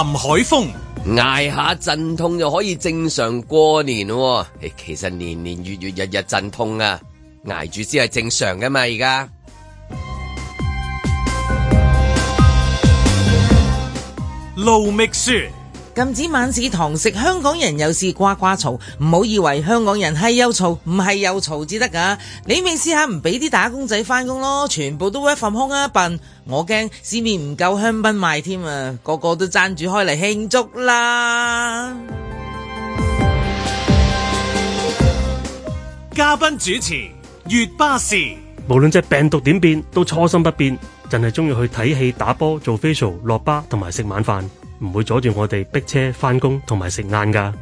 林海峰挨下陣痛就可以正常過年咯，其實年年月月日日陣痛啊，挨住先係正常噶嘛而家。盧覓雪。禁止晚市堂食，香港人又是呱呱嘈，唔好以為香港人係又嘈，唔係又嘈至得噶。你咪思下唔俾啲打工仔翻工咯，全部都搵份空啊笨！我驚市面唔夠香檳賣添啊，個個都爭住開嚟慶祝啦！嘉賓主持：粵巴士，無論隻病毒點變，都初心不變，真係中意去睇戲、打波、做 f a c l 落巴同埋食晚飯。唔會阻住我哋逼車返工同埋食晏噶。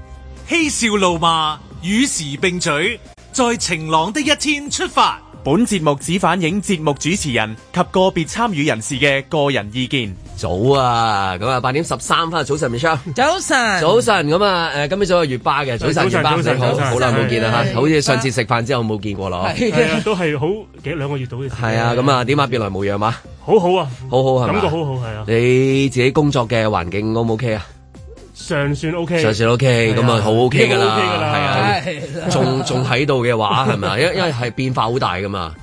嬉笑怒罵，與時並舉，在晴朗的一天出發。本節目只反映節目主持人及個別參與人士嘅個人意見。早啊，咁啊八點十三分早晨，Michelle 早晨，早晨咁啊，誒，今日早係月巴嘅早晨，月，啊，巴，巴，巴，好，好耐冇見啦吓，好似上次食飯之後冇見過咯，啊， 都係好幾兩個月到。係啊，咁啊，點解別來無恙嘛，啊。好好啊，好好係感覺好感覺好係啊。你自己工作嘅環境 O 唔 OK 啊？尚算 OK，尚算 OK，咁啊好 OK 噶啦，係、這個 OK、啊，仲仲喺度嘅話係咪啊？因為因為係變化好大噶嘛。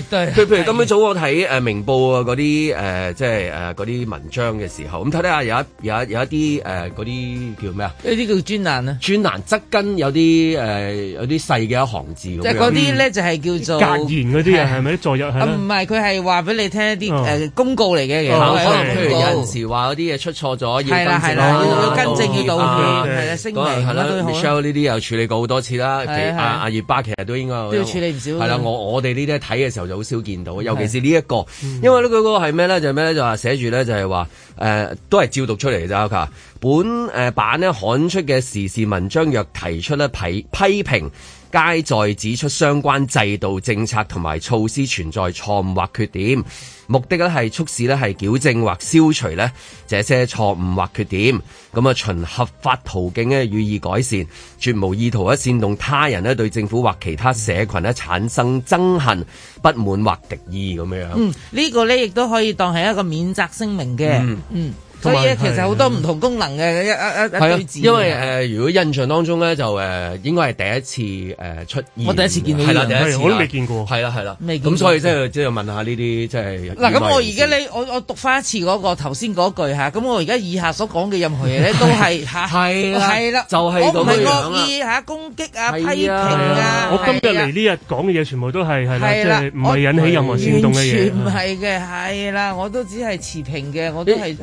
佢譬如今朝早我睇、啊、明報啊嗰啲誒即係誒嗰啲文章嘅時候，咁睇睇下有一有一有一啲誒嗰啲叫咩啊？嗰啲叫專欄啊？專欄側跟有啲誒、呃、有啲細嘅一行字咁嗰啲咧就係叫做隔言嗰啲啊？係咪？昨日唔係，佢係話俾你聽一啲誒公告嚟嘅嘅。哦、可能的譬如有陣時話嗰啲嘢出錯咗，要更正要，跟要跟、啊、道歉，係啦聲明。Michelle 呢啲又處理過好多次啦。阿阿葉巴其實都應該要處理唔少。係啦，我我哋呢啲睇嘅時候。就好少見到，尤其是呢、這、一個、嗯。因為呢個嗰個係咩咧？就係咩咧？就話寫住咧，就係話誒都係照讀出嚟嘅啫。卡本誒、呃、版咧刊出嘅時事文章若提出咧批批評，皆在指出相關制度、政策同埋措施存在錯誤或缺點，目的咧係促使咧係矯正或消除咧這些錯誤或缺點，咁啊，循合法途徑咧予以改善，絕無意圖咧煽動他人咧對政府或其他社群咧產生憎恨、不滿或敵意咁樣。嗯，呢個咧亦都可以當係一個免責聲明嘅。嗯。嗯所以其實好多唔同功能嘅一一一、啊、因為誒、呃，如果印象當中咧，就誒、呃、應該係第一次誒出現。我第一次見到，係啦，我都未見過。係啦，係啦，咁、嗯嗯、所以即係即係問下呢啲，即係嗱。咁我而家你我我讀翻一次嗰個頭先嗰句嚇。咁我而家以下所講嘅任何嘢、啊、咧，都係啦，就係、是 啊就是、我唔係惡意、啊啊、攻擊啊，啊、批評啊。啊啊啊啊我今日嚟呢日講嘅嘢，全部都係即係唔係引起任何煽動嘅嘢。完全唔係嘅，係啦，我都只係持平嘅，我都係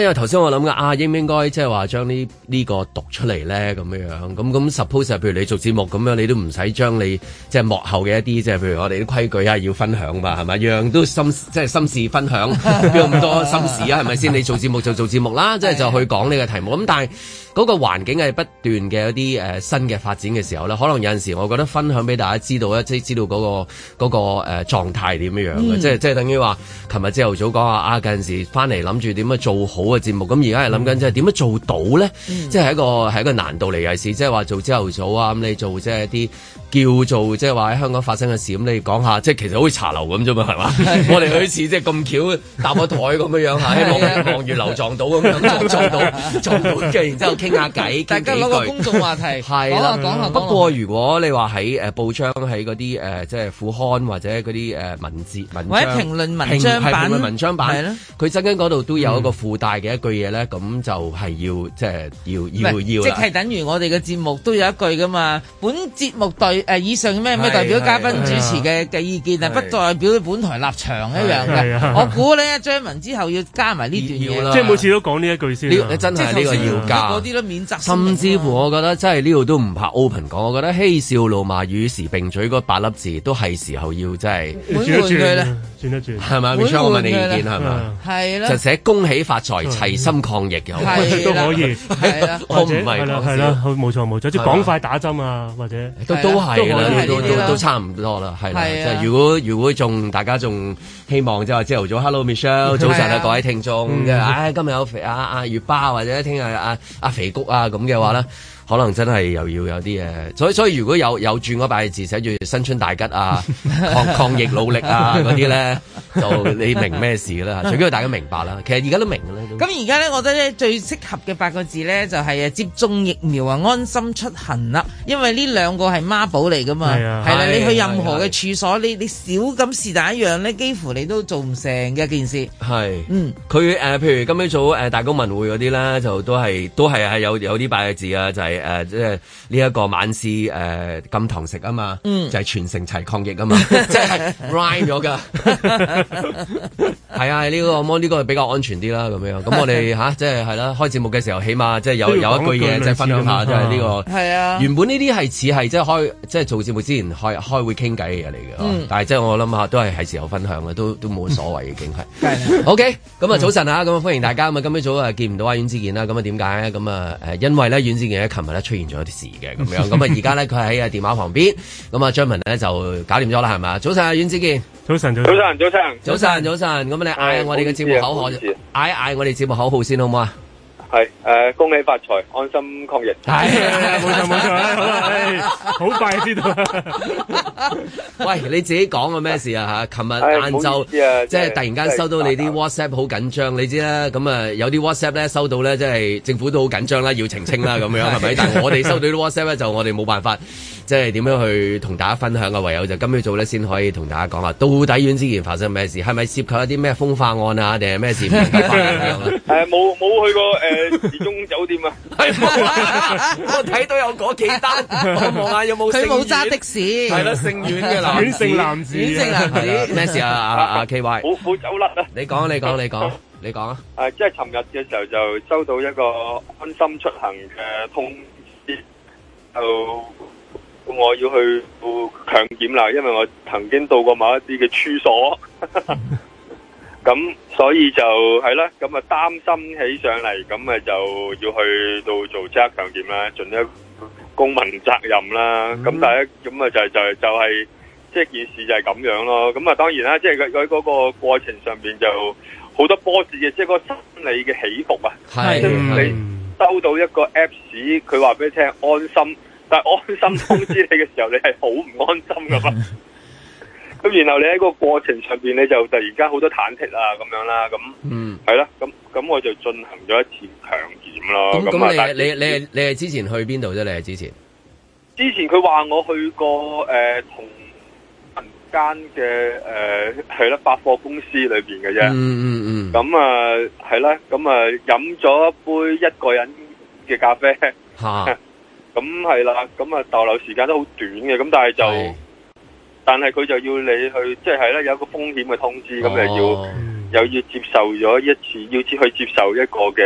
啊，因為頭先我諗緊啊應唔應該即係話將呢呢個讀出嚟咧咁樣樣，咁咁 suppose 譬如，你做節目咁樣，你都唔使將你即係幕後嘅一啲即係譬如我哋啲規矩啊要分享嘛係咪？樣都心即係心事分享，邊有 咁多心事啊係咪先？你做節目就做節目啦， 即係就去講呢個題目咁、嗯，但係。嗰、個環境係不斷嘅一啲新嘅發展嘅時候咧，可能有陣時我覺得分享俾大家知道咧，即係知道嗰、個嗰、個誒狀態點樣嘅、嗯，即係即係等於話，琴日朝頭早講下啊，近陣時翻嚟諗住點樣做好嘅節目，咁而家係諗緊即係點樣做到咧、嗯？即係一個係一個難度嚟嘅事，即係話做朝頭早啊，咁你做即係一啲。叫做即係話喺香港發生嘅事，咁你講下，即係其實好似茶樓咁啫嘛，係嘛？我哋好似即係咁巧搭個台咁嘅樣，希望望月樓撞到咁樣撞到撞到嘅，然之後傾下偈。大家攞個公眾話題，係啦、啊，講下。不過如果你話喺誒報章喺嗰啲誒即係副刊或者嗰啲誒文字文章，或者評論文章版文章版咧，佢側邊嗰度都有一個附帶嘅一句嘢咧，咁就係要即係要要要即係等於我哋嘅節目都有一句噶嘛，本節目對。誒、啊、以上咩咩代表嘉賓主持嘅嘅意見，啊，不代表本台立場一樣嘅、啊。我估咧，張文之後要加埋呢段嘢咯、啊。即係每次都講呢一句先、啊，呢個真係呢個要加都都免責、啊。甚至乎我覺得真係呢度都唔怕 open 講，我覺得嬉笑怒罵與時並舉嗰八粒字都係時候要真係轉一轉。係咪？轉一轉係我問你意見係咪？係啦，啦就寫恭喜發財齊心抗疫，好 都可以。 我唔係好冇錯，冇錯，即趕、啊、快打針啊，或者、啊、都都係啦，都都都、都差唔多啦，係啦。即係如果如果仲大家仲希望即係朝頭早 Hello Michelle 早晨啊各位聽眾，唉、嗯哎、今日有肥阿阿、啊、月巴，或者聽日阿阿肥谷啊咁嘅話咧。嗯可能真係又要有啲嘢，所以所以如果有有轉嗰八個字寫住新春大吉啊、抗抗疫努力啊嗰啲咧，就你明咩事啦？除非大家明白啦，其實而家都明嘅咧。咁而家咧，我覺得咧，最適合嘅八個字咧，就係、是、接種疫苗啊，安心出行啦。因為呢兩個係孖寶嚟噶嘛，係啦、啊啊啊，你去任何嘅處所，你、啊啊啊、你少咁是但一樣咧，幾乎你都做唔成嘅一件事。係，嗯，佢誒、呃、譬如今朝早誒、呃、大公文匯嗰啲咧，就都係都係係有有啲八個字啊，就係、是。誒、呃、即係呢一個晚市誒禁堂食啊嘛，嗯、就係、是、全城齊抗疫啊嘛，即 係真是 rhyme 咗了㗎的。係 啊，呢、這個摩呢、這個比較安全啲啦，咁樣。咁我哋吓，即係係啦，開節目嘅時候，起碼即係有有一句嘢即係分享一下，即係呢個係啊。原本呢啲係似係即係開即係、就是、做節目之前開開會傾偈嘅嘢嚟嘅，但係即係我諗下，都係係時候分享嘅，都都冇所謂，已經係。 OK，咁啊早晨、嗯、啊，咁啊歡迎大家咁啊今朝早啊見唔到啊，阮子健啦，咁啊點解？咁啊誒，因為咧，阮子健琴出現咗一啲事嘅咁樣，咁啊而家咧佢喺啊電話旁邊，咁啊張文咧就搞掂咗啦，係咪？早晨啊，阮子健，早晨，早晨，早晨，早晨，早晨，早晨，咁你嗌我哋嘅節目口號，嗌、哎、嗌、啊啊、我哋節目口號先好唔好啊？係誒，恭、呃、喜發財，安心抗疫。係、哎，冇錯冇錯，好、哎哎哎、快知道。哎、 喂，你自己講個咩事啊吓？琴日晏晝，即、哎、係、啊就是就是就是、突然間收到你啲 WhatsApp，好緊張。你知啦，咁啊有啲 WhatsApp 咧收到咧，即、就、係、是、政府都好緊張啦，要澄清啦，咁 樣係咪？ 但係我哋收到啲 WhatsApp 咧，就我哋冇辦法。即係點樣去同大家分享嘅？唯有就今朝早咧，先可以同大家講下，到底院之前發生咩事？係咪涉及一啲咩風化案啊？定係咩事？誒冇冇去過誒時鐘酒店啊？我睇到有嗰幾單，我望下有冇佢冇揸的士，係咯，姓遠嘅男，遠姓男子，遠姓男子咩事啊？啊啊啊！K Y 冇冇走甩啊？你講，你講，你講，你講啊！誒，即係尋日嘅時候就收到一個安心出行嘅通知，就。我要去強檢啦，因為我曾經到過某一啲嘅處所，咁 所以就係啦，咁啊擔心起上嚟，咁咪就要去到做即刻強檢啦，盡一公民責任啦。咁、嗯、但係咁啊就係就係、是、就係即係件事就係咁樣咯。咁啊當然啦，即係佢喺嗰個過程上邊就好多波折嘅，即、就、係、是、個心理嘅起伏啊。係、嗯，你收到一個 Apps，佢話俾你聽安心。但係安心通知你嘅時候，你係好唔安心噶嘛？咁 然後你喺個過程上邊你就突然間好多忐忑啊，咁樣啦，咁嗯係啦，咁、嗯、咁我就進行咗一次強檢咯。咁、嗯嗯、但你你你係你係之前去邊度啫？你係之前之前佢話我去過誒、呃、同民間嘅誒係啦百貨公司裏邊嘅啫。嗯嗯嗯。咁啊係啦，咁啊飲咗一杯一個人嘅咖啡吓。咁係啦，咁啊逗留時間都好短嘅，咁但係就，但係佢就要你去，即係咧有一個風險嘅通知，咁啊要，又要接受咗一次，要接去接受一個嘅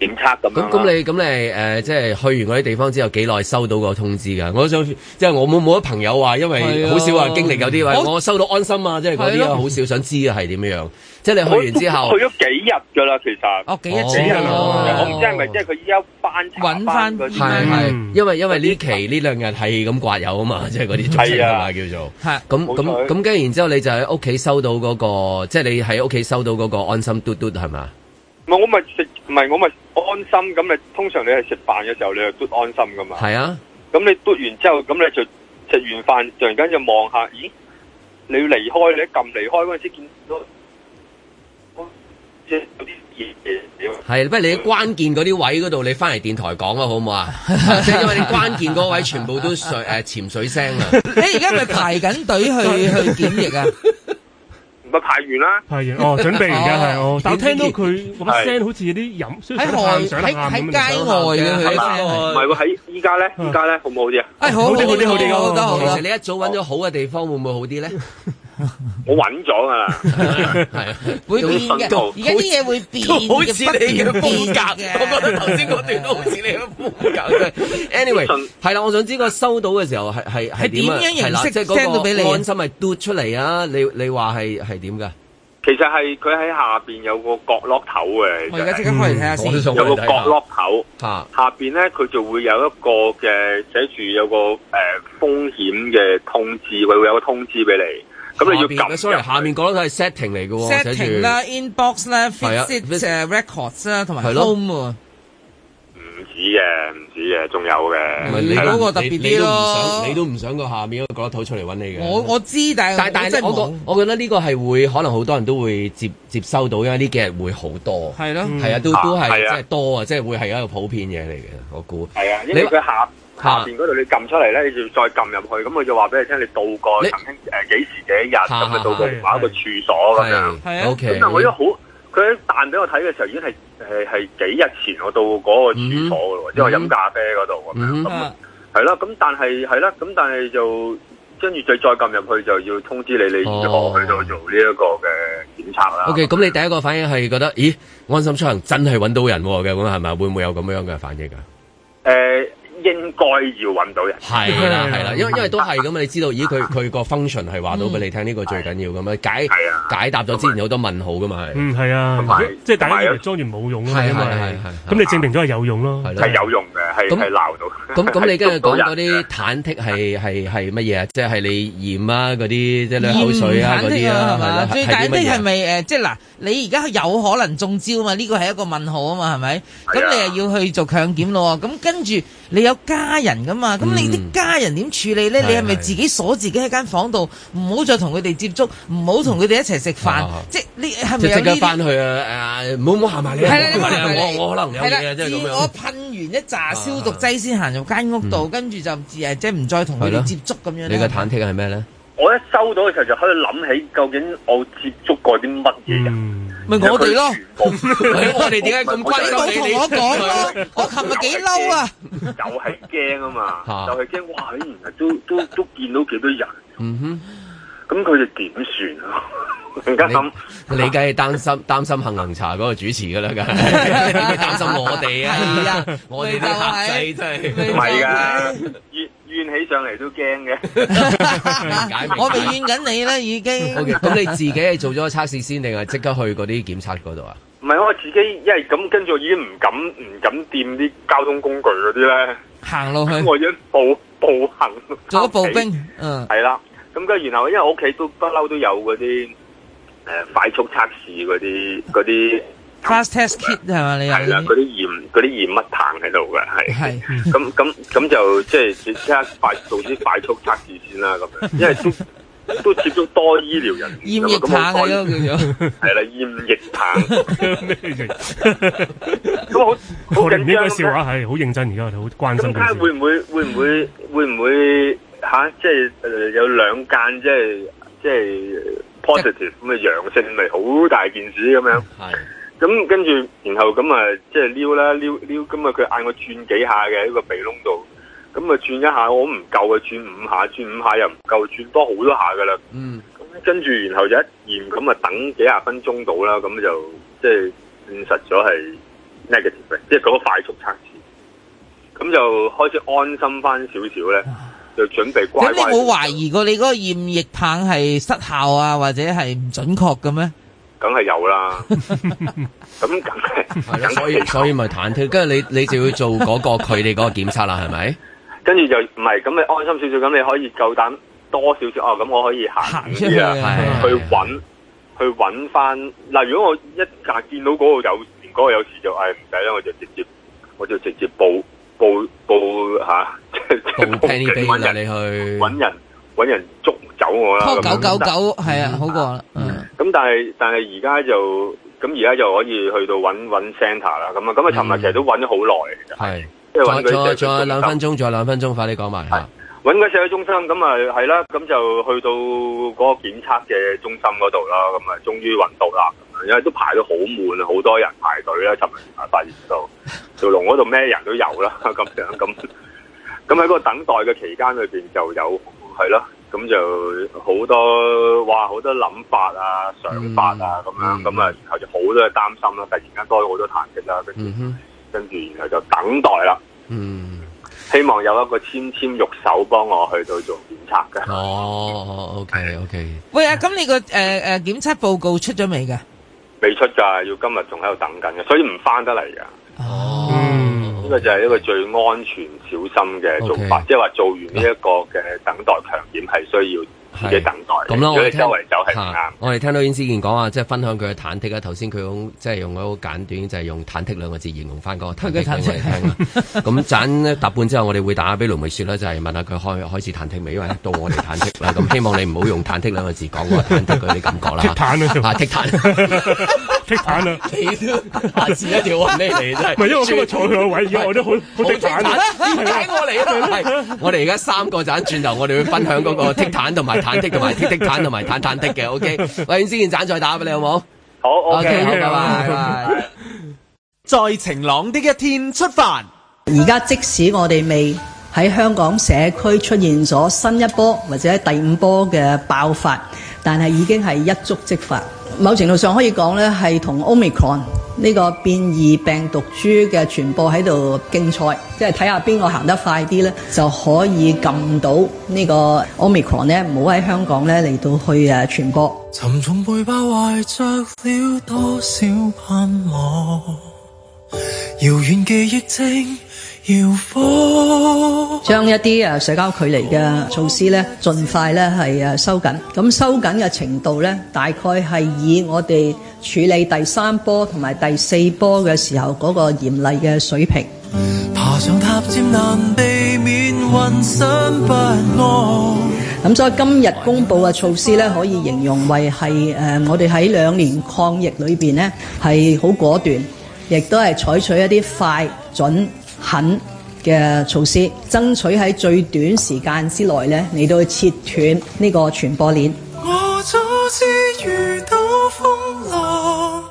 誒檢測咁。咁咁你咁你誒，即係去完嗰啲地方之後，幾耐收到個通知噶我想，即係我冇冇啲朋友話，因為好少話經歷有啲話我收到安心啊，即係嗰啲啊，好少，想知係點樣。即係你去完之後，去咗幾日噶啦，其實哦，幾日幾日咯、哦，我唔知係咪、哦、即係佢依家班,班，揾翻係因為因為呢期呢兩日係咁刮油啊嘛，即係嗰啲係啊，叫做咁咁咁，跟然之後你就喺屋企收到嗰、那個，即、就、係、是、你喺屋企收到嗰、那個就是、個安心嘟嘟係嘛？唔係我咪食，唔係我咪安心咁你通常你係食飯嘅時候，你就嘟安心噶嘛？係啊，咁你嘟完之後，咁你飯就食完飯，突然間就望下，咦，你要離開，你一撳離開嗰陣時見到。即有啲嘢，係，不過你喺關鍵嗰啲位嗰度，你翻嚟電台講咯，好唔好啊？即 係因為你關鍵嗰位置全部都潛水誒潛水聲啊！你而家咪排緊隊去 去檢疫啊？唔係排完啦，排完哦，準備而家係。但我聽到佢個聲，好似有啲飲喺外喺喺街外嘅佢，唔係喎，喺依家咧，依家咧好唔好啲啊？誒，好啲，好啲，好啲，好多。其實你一早揾咗好嘅地方，會唔會好啲咧？ 我穩咗啊！係 啊，會變嘅。而家啲嘢會變，好似你嘅風格。我覺得頭先嗰段都好似你嘅風格。 anyway，係 啦、啊，我想知個收到嘅時候係係係點啊？係啦、啊，即到俾、那個、你、啊，安心咪嘟出嚟啊！你你話係係點噶？其實係佢喺下邊有個角落頭嘅、就是。我而家即刻開嚟睇下先。有個角落頭、啊、下邊咧佢就會有一個嘅寫住有個誒、呃、風險嘅通知，佢會有個通知俾你。咁你要 𥄫 嘅，sorry，下面嗰粒係係 setting 嚟㗎喎，setting 啦 inbox 啦 x e t records,、啊 records 啊啊那個、啦，同埋 home 啊。唔止嘅，唔止嘅，仲有嘅。唔係，你嗰個特別啲咯，你都唔想個下面嗰套出嚟搵你嘅。我我知，但係但係真係我覺得呢個係會可能好多人都會接接收到，因為呢幾日會好多。係咯、啊、係、嗯、啊，都都係即係多啊，即、就、係、是、會係一個普遍嘢嚟嘅。我估係啊，因為佢下。下邊嗰度你撳出嚟咧，你就再撳入去，咁佢就話俾你聽，你到過曾經誒幾時幾日，咁啊到過某、啊啊、一個處所咁樣。係啊，咁但、okay, 嗯、我依家好，佢一彈俾我睇嘅時候，已經係誒係幾日前我到嗰個處所噶咯，即係飲咖啡嗰度咁樣。嗯，係咁、嗯嗯啊啊、但係係啦，咁、啊、但係、啊、就跟住再再撳入去，就要通知你你如、哦、去到做呢一個嘅檢測啦。O K，咁你第一個反應係覺得咦，安心出行真係揾到人嘅咁係係咪？會唔會有咁樣嘅反應㗎、啊？誒、欸。應該要揾到人係啦，係啦，因因為都係咁啊。你知道，咦？佢佢個 function 係話到俾你聽，呢個最緊要咁啊，解 解答咗之前好多問號噶、嗯、嘛、啊啊，係嗯啊，即係大家以為裝完冇、啊、用嘛係啊嘛，咁你證明咗係有用咯、啊啊 Sh1 啊，係有用嘅，係係鬧到咁咁，你跟住講嗰啲忐忑係係係乜嘢啊？即係你驗啊嗰啲即係口水啊嗰啲啊，係嘛？最緊要係咪誒？即係嗱，你而家有可能中招嘛、嗯？呢個係一個問號啊嘛，係咪？咁你又要去做強檢咯？咁跟住。你有家人噶嘛？咁你啲家人點處理咧、嗯？你係咪自己鎖自己喺間房度，唔好再同佢哋接觸，唔好同佢哋一齊食飯？即係你係咪有呢啲？即刻翻去啊！唔好唔好行埋你啊！我你我可能有嘢即係咁樣。我噴完一紮消毒劑先行入間屋度，嗯、跟住就即係唔再同佢哋接觸咁樣呢。你嘅忐忑係咩咧？我一收到嘅時候就喺度諗起究竟我接觸過啲乜嘢人，咪我哋咯，我哋點解咁關心你？你講我琴日幾嬲啊，又係驚啊嘛，又係驚哇！原來都都都見到幾多人，咁佢哋點算啊？而家咁，你梗係擔心擔心杏仁茶嗰個主持噶啦，梗係擔心我哋啊， 是啊 我哋啲客仔真係唔係噶。 怨起上嚟都驚嘅 解明， 我未怨緊你咧已經，Okay。咁 你自己係做咗個測試先定係即刻去嗰啲檢測嗰度啊？唔係，我自己因為咁跟住，已經唔敢唔敢掂啲交通工具嗰啲咧，行路去，我而家步步行，做咗步兵。嗯，係啦，咁跟住然後，因為我屋企都不嬲都有嗰啲誒快速測試啲嗰啲。 Fast test kit 係嘛？你係啦，嗰啲鹽嗰啲鹽乜棒喺度嘅，係係咁咁咁就即係即刻快做啲快速測試先啦，咁因為都都接觸多醫療人員。鹽液棒 麼很 啊，叫做係啦，鹽液棒咩咁好好緊張，笑話係好認真，而家好關心。咁睇會唔會會唔會會唔會吓？即係誒有兩間即係即係 positive 咁嘅陽性，咪好大件事咁樣係。咁跟住，然後咁啊，即係撩啦，撩撩，咁啊，佢嗌我轉幾下嘅喺個鼻窿度，咁啊轉一下，我唔夠嘅，轉五下，轉五下又唔夠，轉多好多下噶啦。嗯。咁跟住，然後就一驗，咁啊等幾廿分鐘到啦，咁就即係證實咗係 negative，即係嗰個快速測試。咁就開始安心翻少少咧，就準備乖乖，乖。咁你冇懷疑過你嗰個驗液棒係失效啊，或者係唔準確嘅咩？梗係有啦，咁梗係，所以所以咪忐忑。跟 住你你就要做嗰、嗰個佢哋嗰個檢測啦，係咪？跟住就唔係咁，你安心少少，咁你可以夠膽多少少哦。咁我可以行啲 啊，去搵、啊，去搵翻。嗱、啊，如果我一夾見到嗰個有，嗰個有事就唉唔使啦，我就直接我就直接報報報、啊、報報吓，即係即係報警揾人你去揾人。搵人捉走我啦，九九九係啊，好過嗯。咁但係但係而家就咁而家就可以去到搵搵 center 啦咁啊咁啊，尋日其實都搵咗好耐。係，即係搵佢，兩分鐘，仲有兩分鐘，快啲講埋吓。搵個社區中心咁啊係啦，咁就去到嗰個檢測嘅中心嗰度啦，咁啊終於搵到啦，因為都排到好滿，好多人排隊啦。尋日啊發現到 條龍嗰度咩人都有啦咁樣咁。咁喺個等待嘅期間裏邊就有。係咯，咁就好多哇，好多諗法啊，想法啊，咁、嗯、樣、啊，咁、嗯、啊，然後就好多擔心啦、啊，突然間多咗好多彈嘅啦，跟住跟住然後就等待啦、啊，嗯，希望有一個纖纖玉手幫我去到做檢測嘅。哦，OK，OK、okay, okay。喂啊，咁你、個誒誒檢測報告出咗未噶？未出噶，要今日仲喺度等緊嘅，所以唔翻得嚟噶。哦呢、okay. 個就係一個最安全小心嘅做法，即係話做完呢一個嘅等待強檢係、okay. 需要自己等待。咁咯，我哋聽。周圍就我哋聽到尹子健講話，即、就、係、是、分享佢嘅忐忑啦。頭先佢用即係、就是、用一個好簡短，就係、是、用忐忑兩個字形容翻個忐忑嘅感覺。咁等踏半之後，我哋會打俾盧梅雪啦，就係、是、問下佢開開始忐忑未？因為到我哋忐忑啦。咁 希望你唔好用忐忑兩個字講個忐忑嗰啲感覺啦。忐忑、啊。 彈彈 踢毯啦！啊，剪一條啊，咩嚟真係？唔係，因為我坐佢個位，而家我都好好踢毯。請我嚟我哋而家三個就喺轉頭，我哋會分享嗰個踢毯同埋毯踢同埋踢踢毯同埋毯毯踢嘅。OK，喂，先斬再打，畀你好冇？好 OK, OK,，OK，好，拜、OK, 拜。在晴朗的一天出發。而家即使我哋未喺香港社區出現咗新一波或者第五波嘅爆發，但係已經係一觸即發。某程度上可以講呢，係同 Omicron 呢個變異病毒株嘅傳播喺度競賽。即係睇下邊個行得快啲呢，就可以撳到呢個 Omicron 呢，唔好喺香港呢嚟到去誒傳播。沉重背包將一啲啊社交距離嘅措施咧，盡快咧係啊收緊，咁收緊嘅程度咧，大概係以我哋處理第三波同埋第四波嘅時候嗰個嚴厲嘅水平。咁所以今日公布嘅措施咧，可以形容為係誒，我哋喺兩年抗疫裏邊咧係好果斷，亦都係採取一啲快準。狠嘅措施，爭取喺最短時間之內咧，嚟到去切斷呢個傳播鏈。我早知遇到風浪，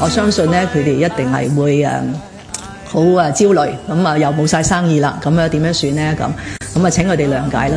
我相信咧，佢哋一定係會誒，好啊焦慮，咁啊又冇晒生意啦，咁樣點樣算咧？咁咁啊，請佢哋諒解啦。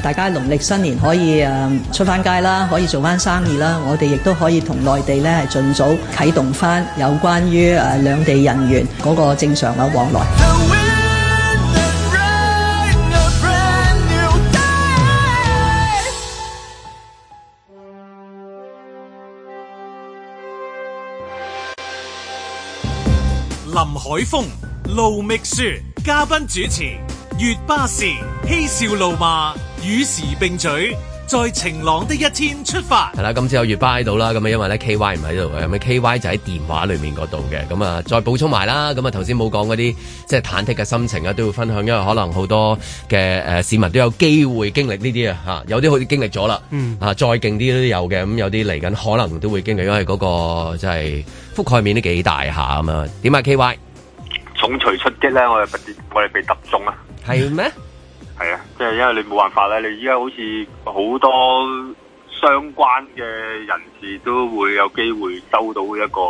大家農曆新年可以出翻街啦，可以做翻生意啦，我哋亦都可以同內地咧係盡早啟動翻有關於誒兩地人員嗰個正常嘅往來 the wind, the rain。林海峰、盧覓雪，嘉賓主持，粵巴士，嬉笑怒罵。與時並舉，在晴朗的一天出發。係啦，今次有月巴喺度啦，咁啊，因為咧 K Y 唔喺度嘅，咁 K Y 就喺電話裏面嗰度嘅，咁啊再補充埋啦，咁啊頭先冇講嗰啲即係忐忑嘅心情啊，都要分享，因為可能好多嘅誒市民都有機會經歷呢啲啊，吓有啲好似經歷咗啦，啊、嗯、再勁啲都有嘅，咁有啲嚟緊可能都會經歷，因為嗰、那個即係、就是、覆蓋面都幾大下咁啊。點啊 K Y，重錘出擊咧，我哋我哋被揼中啊，係咩？係啊，即係因為你冇辦法啦，你而家好似好多相關嘅人士都會有機會收到一個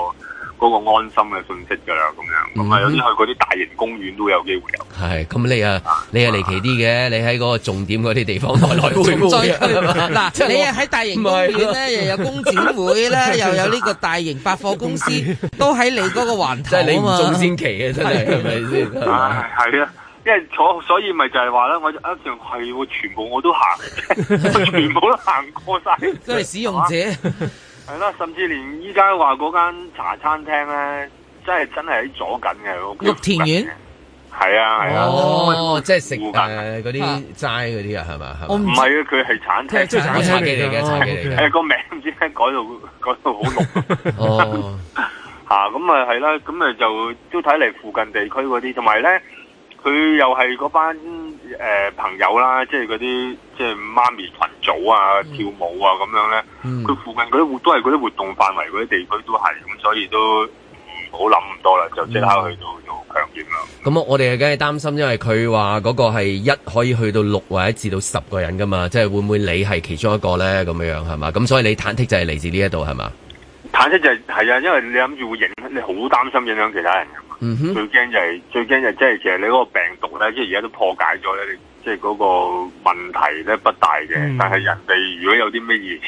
嗰個安心嘅信息噶啦，咁樣，咁啊有啲去嗰啲大型公園都有機會有。係，咁你啊，你啊離奇啲嘅，你喺嗰個重點嗰啲地方來來會再去，嗱，你啊喺大型公園咧，又有工展會啦，又有呢個大型百貨公司都喺你嗰個環頭啊嘛，即係你唔中先奇啊，真係係咪先？係係啊。因為坐，所以咪就係話咧，我一時係、啊、全部我都行， 全部都行過晒。 都係使用者，係、啊、啦，甚至連依家話嗰間茶餐廳咧，真係真係喺左近嘅玉田苑係啊係啊，哦，即係、啊嗯、附近嗰啲齋嗰啲啊，係嘛？唔係啊，佢係茶餐廳，茶几嚟嘅，茶几嚟嘅，係個、okay. 啊、名唔知咧，改到改到好濃。吓咁、 哦、啊係啦，咁啊就都睇嚟附近地區嗰啲，同埋咧。佢又係嗰班誒、呃、朋友啦，即係嗰啲即係媽咪群組啊，嗯、跳舞啊咁樣咧。佢、嗯、附近嗰啲活都係嗰啲活動範圍嗰啲地區都係，咁所以都唔好諗咁多啦，就即刻去到做、嗯、強檢啦。咁我哋梗係擔心，因為佢話嗰個係一可以去到六或者一至到十個人㗎嘛，即係會唔會你係其中一個咧？咁樣係嘛？咁所以你忐忑就係嚟自呢一度係嘛？忐忑就係、係、係啊，因為你諗住會影，你好擔心影響其他人。嗯、mm、哼 -hmm. 就是，最驚就係最驚就係即係其實你嗰個病毒咧，即係而家都破解咗咧，你即係嗰個問題咧不大嘅。Mm -hmm. 但係人哋如果有啲咩嘢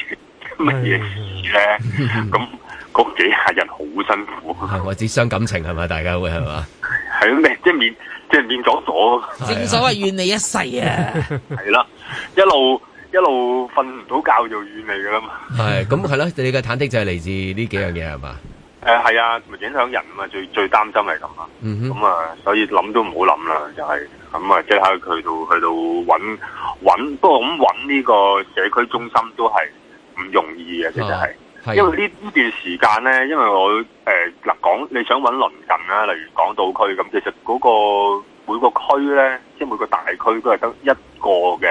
乜嘢事咧，咁 嗰幾廿日好辛苦，或者傷感情係咪？大家會係嘛？係咩？即、就、係、是、面即係、就是、面阻阻。正所謂怨你一世啊，係啦、啊， 一路一路瞓唔到覺就怨你噶啦嘛。係咁係啦，你嘅忐忑就係嚟自呢幾樣嘢係嘛？ 誒，係啊，同埋、啊、影響人啊嘛，最最擔心係咁啊。咁、嗯、啊，所以諗都唔好諗啦，就係、是、咁啊。即係佢到去到揾揾，不過咁揾呢個社區中心都係唔容易嘅、啊，其實係。因為呢呢段時間咧，因為我誒嗱、呃、講你想揾鄰近啦、啊，例如港島區咁，其實嗰個每個區咧，即係每個大區都係得一個嘅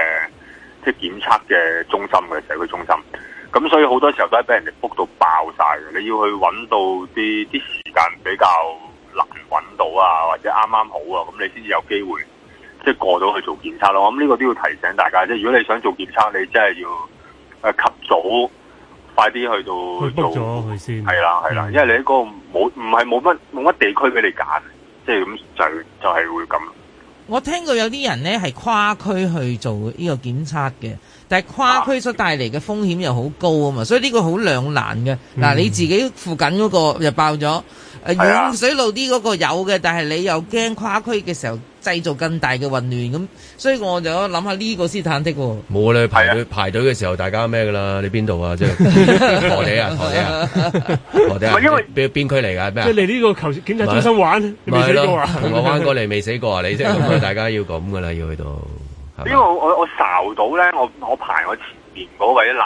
即係檢測嘅中心嘅社區中心。咁所以好多時候都係俾人哋 book 到爆曬嘅。你要去揾到啲啲時間比較難揾到啊，或者啱啱好啊，咁你先至有機會即係、就是、過到去做檢測咯。咁呢個都要提醒大家，即係如果你想做檢測，你真係要誒、啊、及早快啲去到 book 咗佢先係啦，係啦，因為你嗰個冇唔係冇乜冇乜地區俾你揀，即係咁就是、就係、是、會咁。我聽過有啲人呢係跨區去做呢個檢測嘅，但係跨區所帶嚟嘅風險又好高啊嘛，所以呢個好兩難嘅。嗱，嗯，你自己附近嗰個又爆咗。遠水路啲嗰個有嘅，但係你又驚跨區嘅時候製造更大嘅混亂，咁所以我就諗下呢個先忐忑喎。冇你去排隊排隊嘅時候大家咩噶啦？你邊度啊？即係台姐啊，台姐啊，台姐啊！唔係因為邊邊區嚟噶？咩？即係你呢個求警察中心玩？未死過啊！同我翻過嚟未死過啊？你即係咁啊！大家要咁噶啦，要去到。因為我我睄到咧，我我排我前面嗰位男。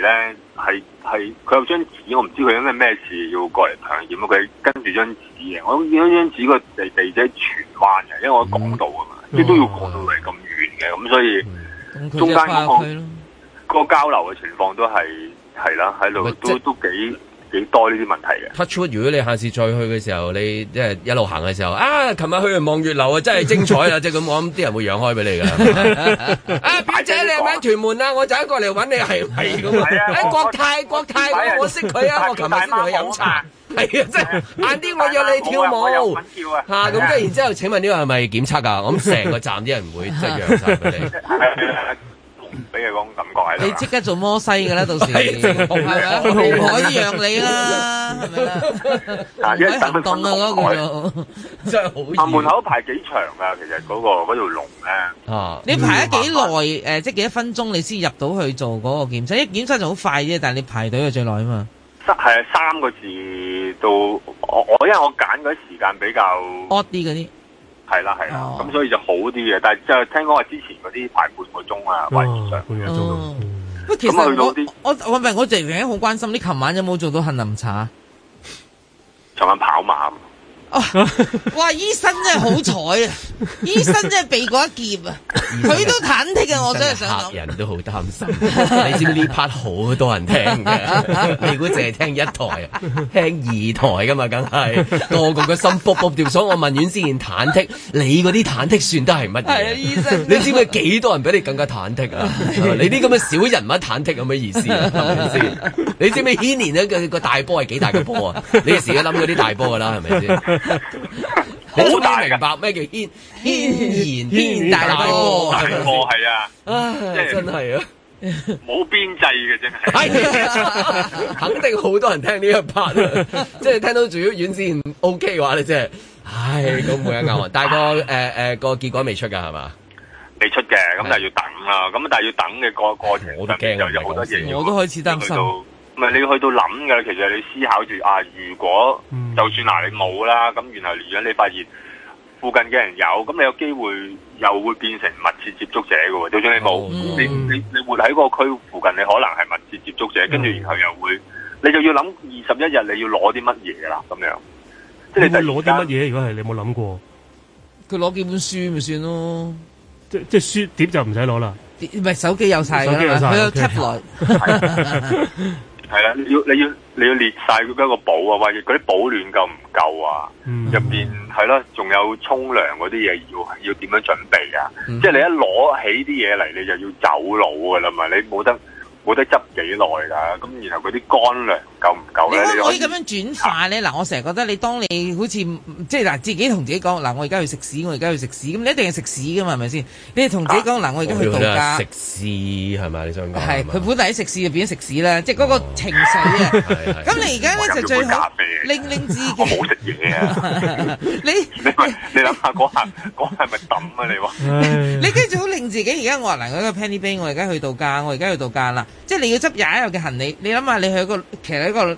咧係係，佢有張紙，我唔知佢因為咩事要過嚟強檢咯。佢跟住張紙嘅，我見到張紙個地地即係荃灣嘅，因為我喺港島啊嘛，啲、嗯嗯、都要過到嚟咁遠嘅，咁、嗯、所以中間嗰個交流嘅情況都係係、嗯嗯嗯嗯、啦，喺度都都，都幾。幾多呢啲問題嘅？如果你下次再去嘅時候，你即係一路行嘅時候，啊，琴日去望月樓啊，真係精彩啦！即係咁，我諗啲人會讓開俾你嘅。 啊，表、啊、姐你喺咪喺屯門啊？我就一過嚟揾你，係係咁啊！哎，國、啊、泰國泰，我泰我，我，我識佢啊！我琴日先同佢飲茶。係 啊，即係晏啲我約你跳舞。吓、啊，咁，跟住然之後，請問呢個係咪檢測㗎、啊？我諗成個站啲人會即係讓晒佢哋。俾佢講，感覺係你即刻做摩西噶啦， 到時係咪啊？我 唔可以讓你啦，係咪啊？一等啊嗰個，真係好。啊，門口排幾長啊？其實嗰個嗰條龍咧，你排咗幾耐？誒、嗯，即係幾多分鐘？你先入到去做嗰個檢測？一檢測就好快啫，但係你排隊就最耐啊嘛。三係三個字到，我我因為我揀嗰時間比較 odd 啲嗰啲。係啦，係啦，咁、oh. 嗯、所以就好啲嘅。但係就聽講話之前嗰啲排半個鐘啊，或以上，半個鐘都。咁啊、嗯，其實我、嗯、我咪我直情好關心，你琴晚有冇做到杏林茶？昨晚跑馬。哦、哇！醫生真係好彩啊！醫生真係避過一劫啊！佢都忐忑啊！我真係想，客人都好擔心。你知唔知呢 part 好多人聽嘅？你估淨係聽一台， 聽二台噶嘛？梗係個個個心卜卜跳，所以我問完先忐忑。你嗰啲忐忑算得係乜嘢？醫生，你知唔知幾多人俾你更加忐忑啊？ 啊你啲咁嘅小人物忐忑有咩意思、啊？係咪 先不是？ 你知唔知去年呢個大波係幾大嘅波啊？ 你時而諗嗰啲大波噶啦，係咪先？好 大明白咩叫天天然天然大天然大禍係啊，真係啊，冇邊際嘅真係，肯定好多人聽呢一 part。即 係 聽到仲要遠線 OK 嘅話你真係。唉， 咁一好啊，大哥。誒誒，個結果未出噶係嘛？未出嘅，咁但係要等啦，啊。咁但係要等嘅過程我都驚啊， 有好多嘢，我都開始擔心。咪你要去到諗喇，其實你思考住啊，如果就算嗱你冇啦，咁然後如果你發現附近嘅人有，咁你有機會又會變成密切接觸者㗎喎。就算你冇、嗯，你你你活喺個區附近，你可能係密切接觸者，跟、嗯、住然後又會，你就要諗二十一日你要攞啲乜嘢啦，咁樣。即係你攞啲乜嘢？如果係你冇諗過，佢攞幾本書咪算咯。即即書碟就唔使攞啦，唔係手機有晒噶有係啦，你要你要你要列晒佢嗰個簿啊，或者嗰啲保暖夠唔夠啊？入邊係咯，仲有沖涼嗰啲嘢要要點樣準備啊？即、嗯、係、就是、你一攞起啲嘢嚟，你就要走佬噶啦嘛，你冇得。冇得執幾耐㗎，咁然後嗰啲乾糧夠唔夠咧？可唔可以咁樣轉化咧？嗱、啊，我成日覺得你當你好似即係嗱，自己同自己講嗱，我而家去食屎，我而家去食屎，咁你一定要食屎㗎嘛？係咪先？你哋同自己講嗱、啊，我而家去度假食屎係咪？你想講係佢本嚟喺食屎就變咗食屎啦，即係嗰個情緒啊！咁你而家咧就最好令令自己我冇食嘢啊！你你你諗下嗰下嗰係咪抌啊？你話你繼續好令自己而家我話嗱，我個 penny bean 我而家去度假，我而家去度假啦！是 即係你要執廿一日嘅行李，你諗下，你去一個其實一個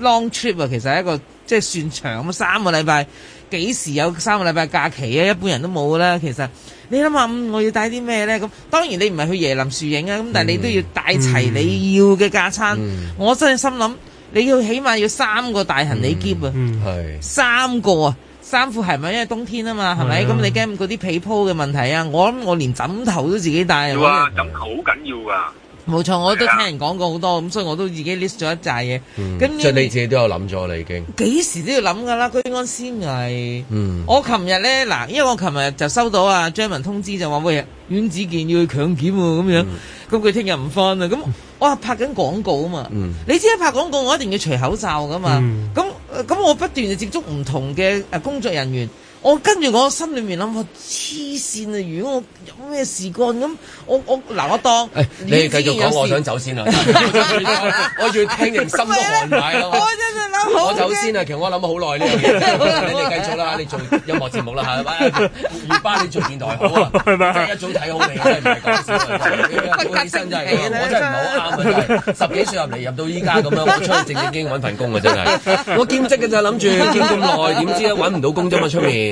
long trip 啊，其實係一個即係算長咁，三個禮拜幾時有三個禮拜假期啊？一般人都冇啦。其實你諗下，我要帶啲咩咧？咁當然你唔係去椰林樹影啊，咁但係你都要帶齊你要嘅架餐。我真係心諗你要起碼要三個大行李夾啊、嗯嗯，三個啊，衫褲係咪因為冬天啊嘛？係咪？咁你驚嗰啲被鋪嘅問題啊？我諗我連枕頭都自己帶啊，我諗枕頭好緊要㗎。冇錯，我都聽人講過好多咁，所以我都自己 list 咗一揸嘢。咁、嗯、你即係你自己都有諗咗啦，你已經幾時都要諗噶啦。居安思危。嗯、我琴日咧嗱，因為我琴日就收到啊張文通知就，就話喂阮子健要去強檢喎、啊、咁樣。咁佢聽日唔翻啊。咁我係拍緊廣告啊嘛、嗯。你知係拍廣告我一定要除口罩噶嘛。咁、嗯、咁我不斷就接觸唔同嘅誒工作人員。我跟住我心裏面諗，個黐線啊！如果我有咩事幹咁，我我嗱我當你繼續講、 啊，我想走先啊。」我仲要聽人心都寒埋，我真係諗，我走先啊！其實我諗咗好耐呢樣嘢。你哋繼續啦，你做音樂節目啦嚇，粵語班你做電台好啊。一早睇好你，真係唔係講笑嚟 真係，我真係唔係好啱啊。真係。十幾歲入嚟，入到依家咁樣，我出去正正經揾份工啊。真係。我兼職嘅就諗住兼咁耐，點知咧揾唔到工啫嘛出面。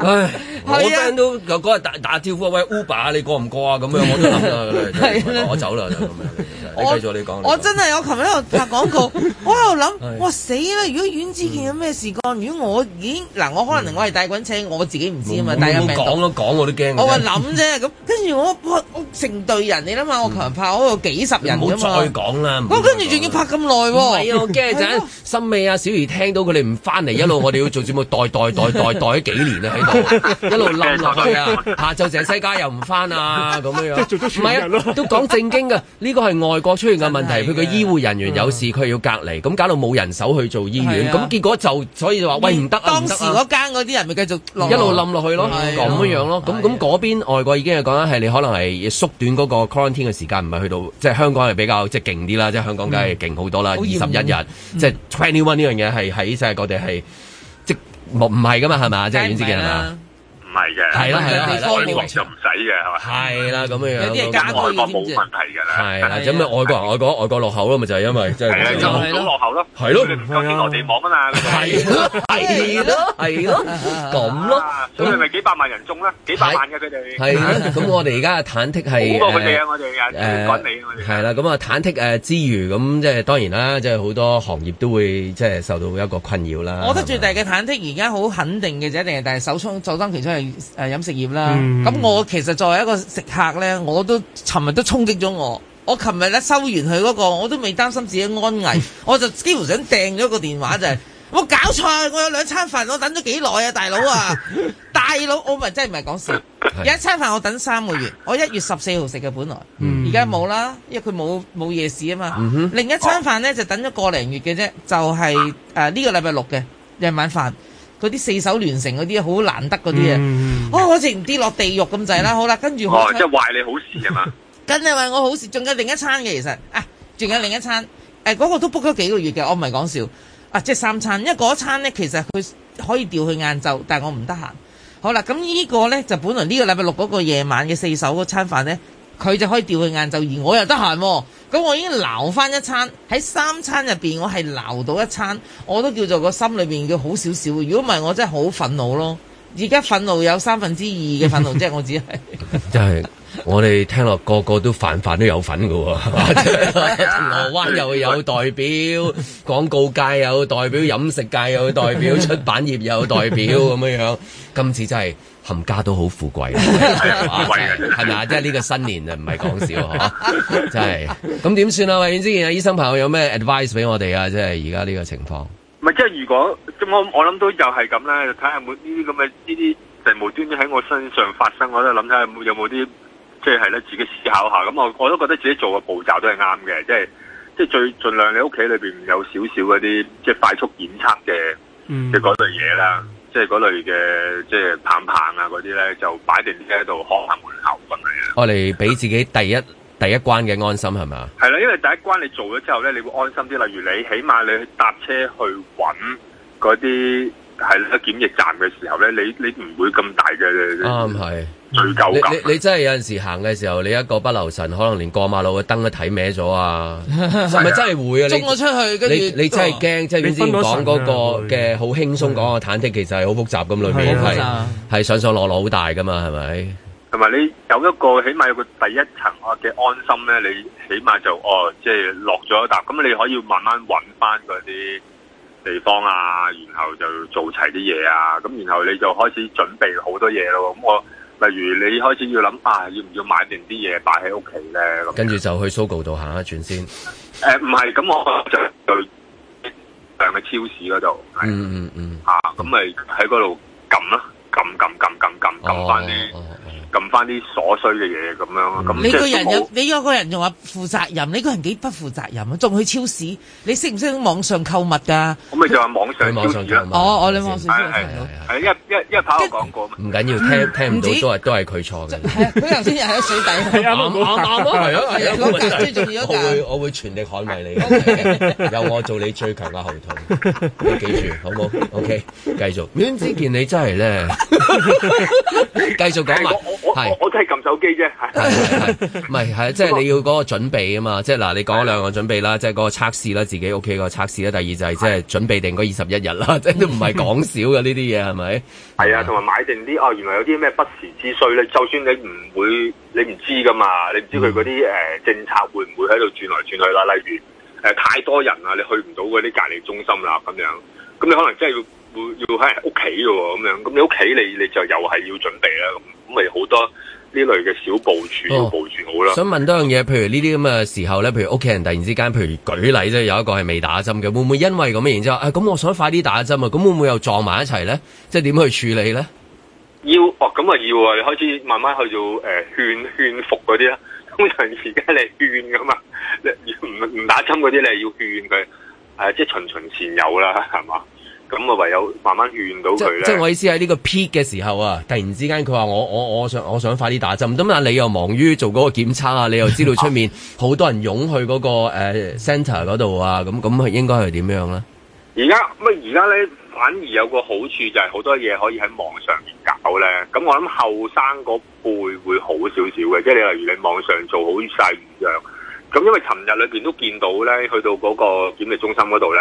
唉，啊、我聽到嗰日打打招呼，喂 Uber，你過唔過啊？咁樣我都諗啦，我走啦，就咁、是、樣。我 繼續你講。我真係我琴日喺度拍廣告， 我喺度諗，我死啦！如果阮志健有咩事幹，如果我已經嗱，我可能我係大滾車，嗯、我自己唔知啊嘛，有大家明。講咯講，我都驚。我話諗啫，咁跟住我，我我成隊人，你諗下，我琴日拍我有幾十人。冇再講啦。我跟住仲要拍咁耐喎。唔係我驚就係心美啊，小儀聽到佢哋唔返嚟，一路我哋要做節目， 代代代代代，代幾年。喺度一路冧落去啊！下晝成世街又唔返啊！咁樣樣，唔係啊，都講正經嘅。呢個係外國出現嘅問題，佢個醫護人員有事，佢要隔離，咁搞到冇人手去做醫院，咁結果就所以就話喂唔得啊！當時嗰間嗰啲人咪繼續一路冧落去咯，咁樣樣咯。咁咁嗰邊外國已經係講緊係你可能係縮短嗰個 quarantine 嘅時間，唔係去到即係香港係比較即係勁啲啦，即係香港梗係勁好多啦，二十一日即係 twenty one 呢樣嘢係喺世界各地係。冇唔係噶嘛，係嘛？即係軟字嘅係嘛？係嘅，係啦係啦，開網就唔使嘅係嘛，係啦咁樣，咁外國冇問題㗎啦，係啦，咁啊外國人外國外國落後咯，咪就係、是、因為即係啊，落後咯，係咯，夠啲內地網啊嘛，係係咯係咯咁咯，咁佢咪幾百萬人中啦，幾百萬嘅佢哋係啦，咁 我哋而家忐忑係好多我哋啊管理係啦，咁啊忐忑誒之餘，咁即係當然啦，即係好多行業都會即係受到一個困擾啦。我覺得最大嘅忐忑而家好肯定嘅就一定係，但係首衝首當其衝係。誒，飲食業啦，咁、嗯、我其實作為一個食客呢，我都尋日都衝擊咗我，我尋日咧收完佢嗰、那個，我都未擔心自己安危，嗯、我就幾乎想掟咗個電話、嗯、就係、是，我搞錯，我有兩餐飯，我等咗幾耐啊，大佬啊， 大佬，我咪真係唔係講笑，有一餐飯我等三個月，我一月十四號食嘅本來，而家冇啦，因為佢冇冇夜市啊嘛、嗯，另一餐飯呢、啊，就等咗個零月嘅啫，就係誒呢個禮拜六嘅夜晚飯。嗰啲四手聯成嗰啲好難得嗰啲啊，哦，好似唔跌落地獄咁滯啦，好啦，跟住哦，即係壞你好事係嘛？ 跟你話我好事，仲有另一餐嘅其實啊，仲有另一餐嗰、哎嗰個都 book 咗幾個月嘅，我唔係講笑啊，即係三餐，因為嗰餐咧，其實佢可以調去晏晝，但係我唔得閒。好啦，咁呢個咧就本來呢個禮拜六嗰個夜晚嘅四手嗰餐飯咧。佢就可以調去晏晝，就而我又得閒喎。咁我已經留翻一餐喺三餐入面，我係留到一餐，我都叫做個心裏面叫好少少。如果唔係，我真係好憤怒咯。而家憤怒有三分之二嘅憤怒，即 係我只係。真係， 我哋聽落個個都泛泛都有份㗎喎，銅 鑼 灣又有代表，廣告界有代表，飲食界有代表， 出版業有代表咁樣。今次真係。冚家都好富貴，係咪啊？即係呢個新年就唔係講笑，真 係。咁點算啊？喂，之前阿醫生朋友有咩 advice 俾我哋啊？即係而家呢個情況。唔係即係如果我我諗到又係咁啦，睇下有冇呢啲咁嘅呢啲係無端端喺我身上發生，我都諗睇下有冇啲即係咧自己思考一下。咁我我都覺得自己做嘅步驟都係啱嘅，即係即係最盡量你屋企裏邊有少少嗰啲即係快速檢測嘅即嗰類嘢啦。即係嗰類嘅，即係棒棒啊呢，嗰啲咧就擺定車喺度看下門口咁樣。我哋俾自己第一第一關嘅安心係咪？係啦，因為第一關你做咗之後咧，你會安心啲。例如你起碼你搭車去搵嗰啲。係啦，檢疫站嘅時候咧，你你唔會咁大嘅啱係，最夠噶。你你真係有陣時行嘅時候，你一個不留神，可能連過馬路嘅燈都睇歪咗啊。係咪真係會啊？衝我出去，跟住你你真係驚，即係點知講嗰個嘅好輕鬆講個忐忑，其實係好複雜咁，裏面係係上上落落好大噶嘛，係咪？同埋你有一個起碼有個第一層嘅安心咧，你起碼就哦，即係落咗一踏，咁你可以慢慢揾翻嗰啲。地方啊，然後就做齊啲嘢啊，咁然後你就開始準備好多嘢咯。咁我例如你開始要諗啊，要唔要買定啲嘢擺喺屋企咧？跟住就去 Sogo 度行一轉先。呃，唔係，咁我就去上嘅超市嗰度。嗯嗯嗯。嚇、嗯，咁咪喺嗰度撳咯，撳撳撳撳撳撳翻啲。撳翻啲所需嘅嘢咁樣咯。你個人又你嗰個人仲話負責任，你個人幾不負責任啊？仲去超市，你識唔識網上購物㗎？我咪就係網上。喺網上購物。哦哦，你網上購物。係係係。係因為因為怕我講過嘛。唔緊要，聽聽唔到都係都係佢錯嘅。係，佢頭先又喺水底。巖巖咯。係啊係啊。最重要一格。我會我會全力捍衞你。有我做你最強嘅後盾，你記住好冇？OK，繼續。孫子健，你真係咧，繼續講埋。我係我，我真係撳手機啫，係係係，即 係、即係、你要嗰個準備啊嘛，即係嗱，你講兩個準備啦，即係嗰個測試啦，自己屋企個測試啦，第二就係即係準備定個二十一日啦，即係都唔係講少嘅呢啲嘢係咪？係 啊，同埋買定啲哦，原來有啲咩不時之需咧，就算你唔會，你唔知噶嘛，你唔知佢嗰啲誒政策會唔會喺度轉來轉去啦？例如誒、呃、太多人啦，你去唔到嗰啲隔離中心啦，咁樣，咁你可能真係要會要喺屋企嘅喎，咁樣，咁你屋企你你就又係要準備啦咁。咁咪好多呢類嘅小部署，啲、哦、部署好啦。想問多樣嘢，譬如呢啲咁嘅時候咧，譬如屋企人突然之間，譬如舉例即係有一個係未打針嘅，會唔會因為咁，然之後啊，咁我想快啲打針啊，咁會唔會又撞埋一齊咧？即係點去處理咧？要哦，咁啊要啊，你開始慢慢去做誒、呃、勸勸服嗰啲啦。通常時間你勸噶嘛，唔唔打針嗰啲你要勸佢、呃，即係循循善誘啦，係嘛。咁我唯有慢慢勸到佢咧。即即我意思喺呢個 peak 嘅時候啊，突然之間佢話：「我我我想我想快啲打針。」咁但你又忙於做嗰個檢測啊，你又知道出面好多人湧去嗰、誒個 centre 嗰度啊。咁 咁、呃、應該係係點樣咧？而家乜而家咧反而有個好處就係好多嘢可以喺網上面搞咧。咁我諗後生嗰輩會好少少嘅，即係你例如你網上做好細預約。咁因為尋日裏邊都見到咧，去到嗰個檢疫中心嗰度咧。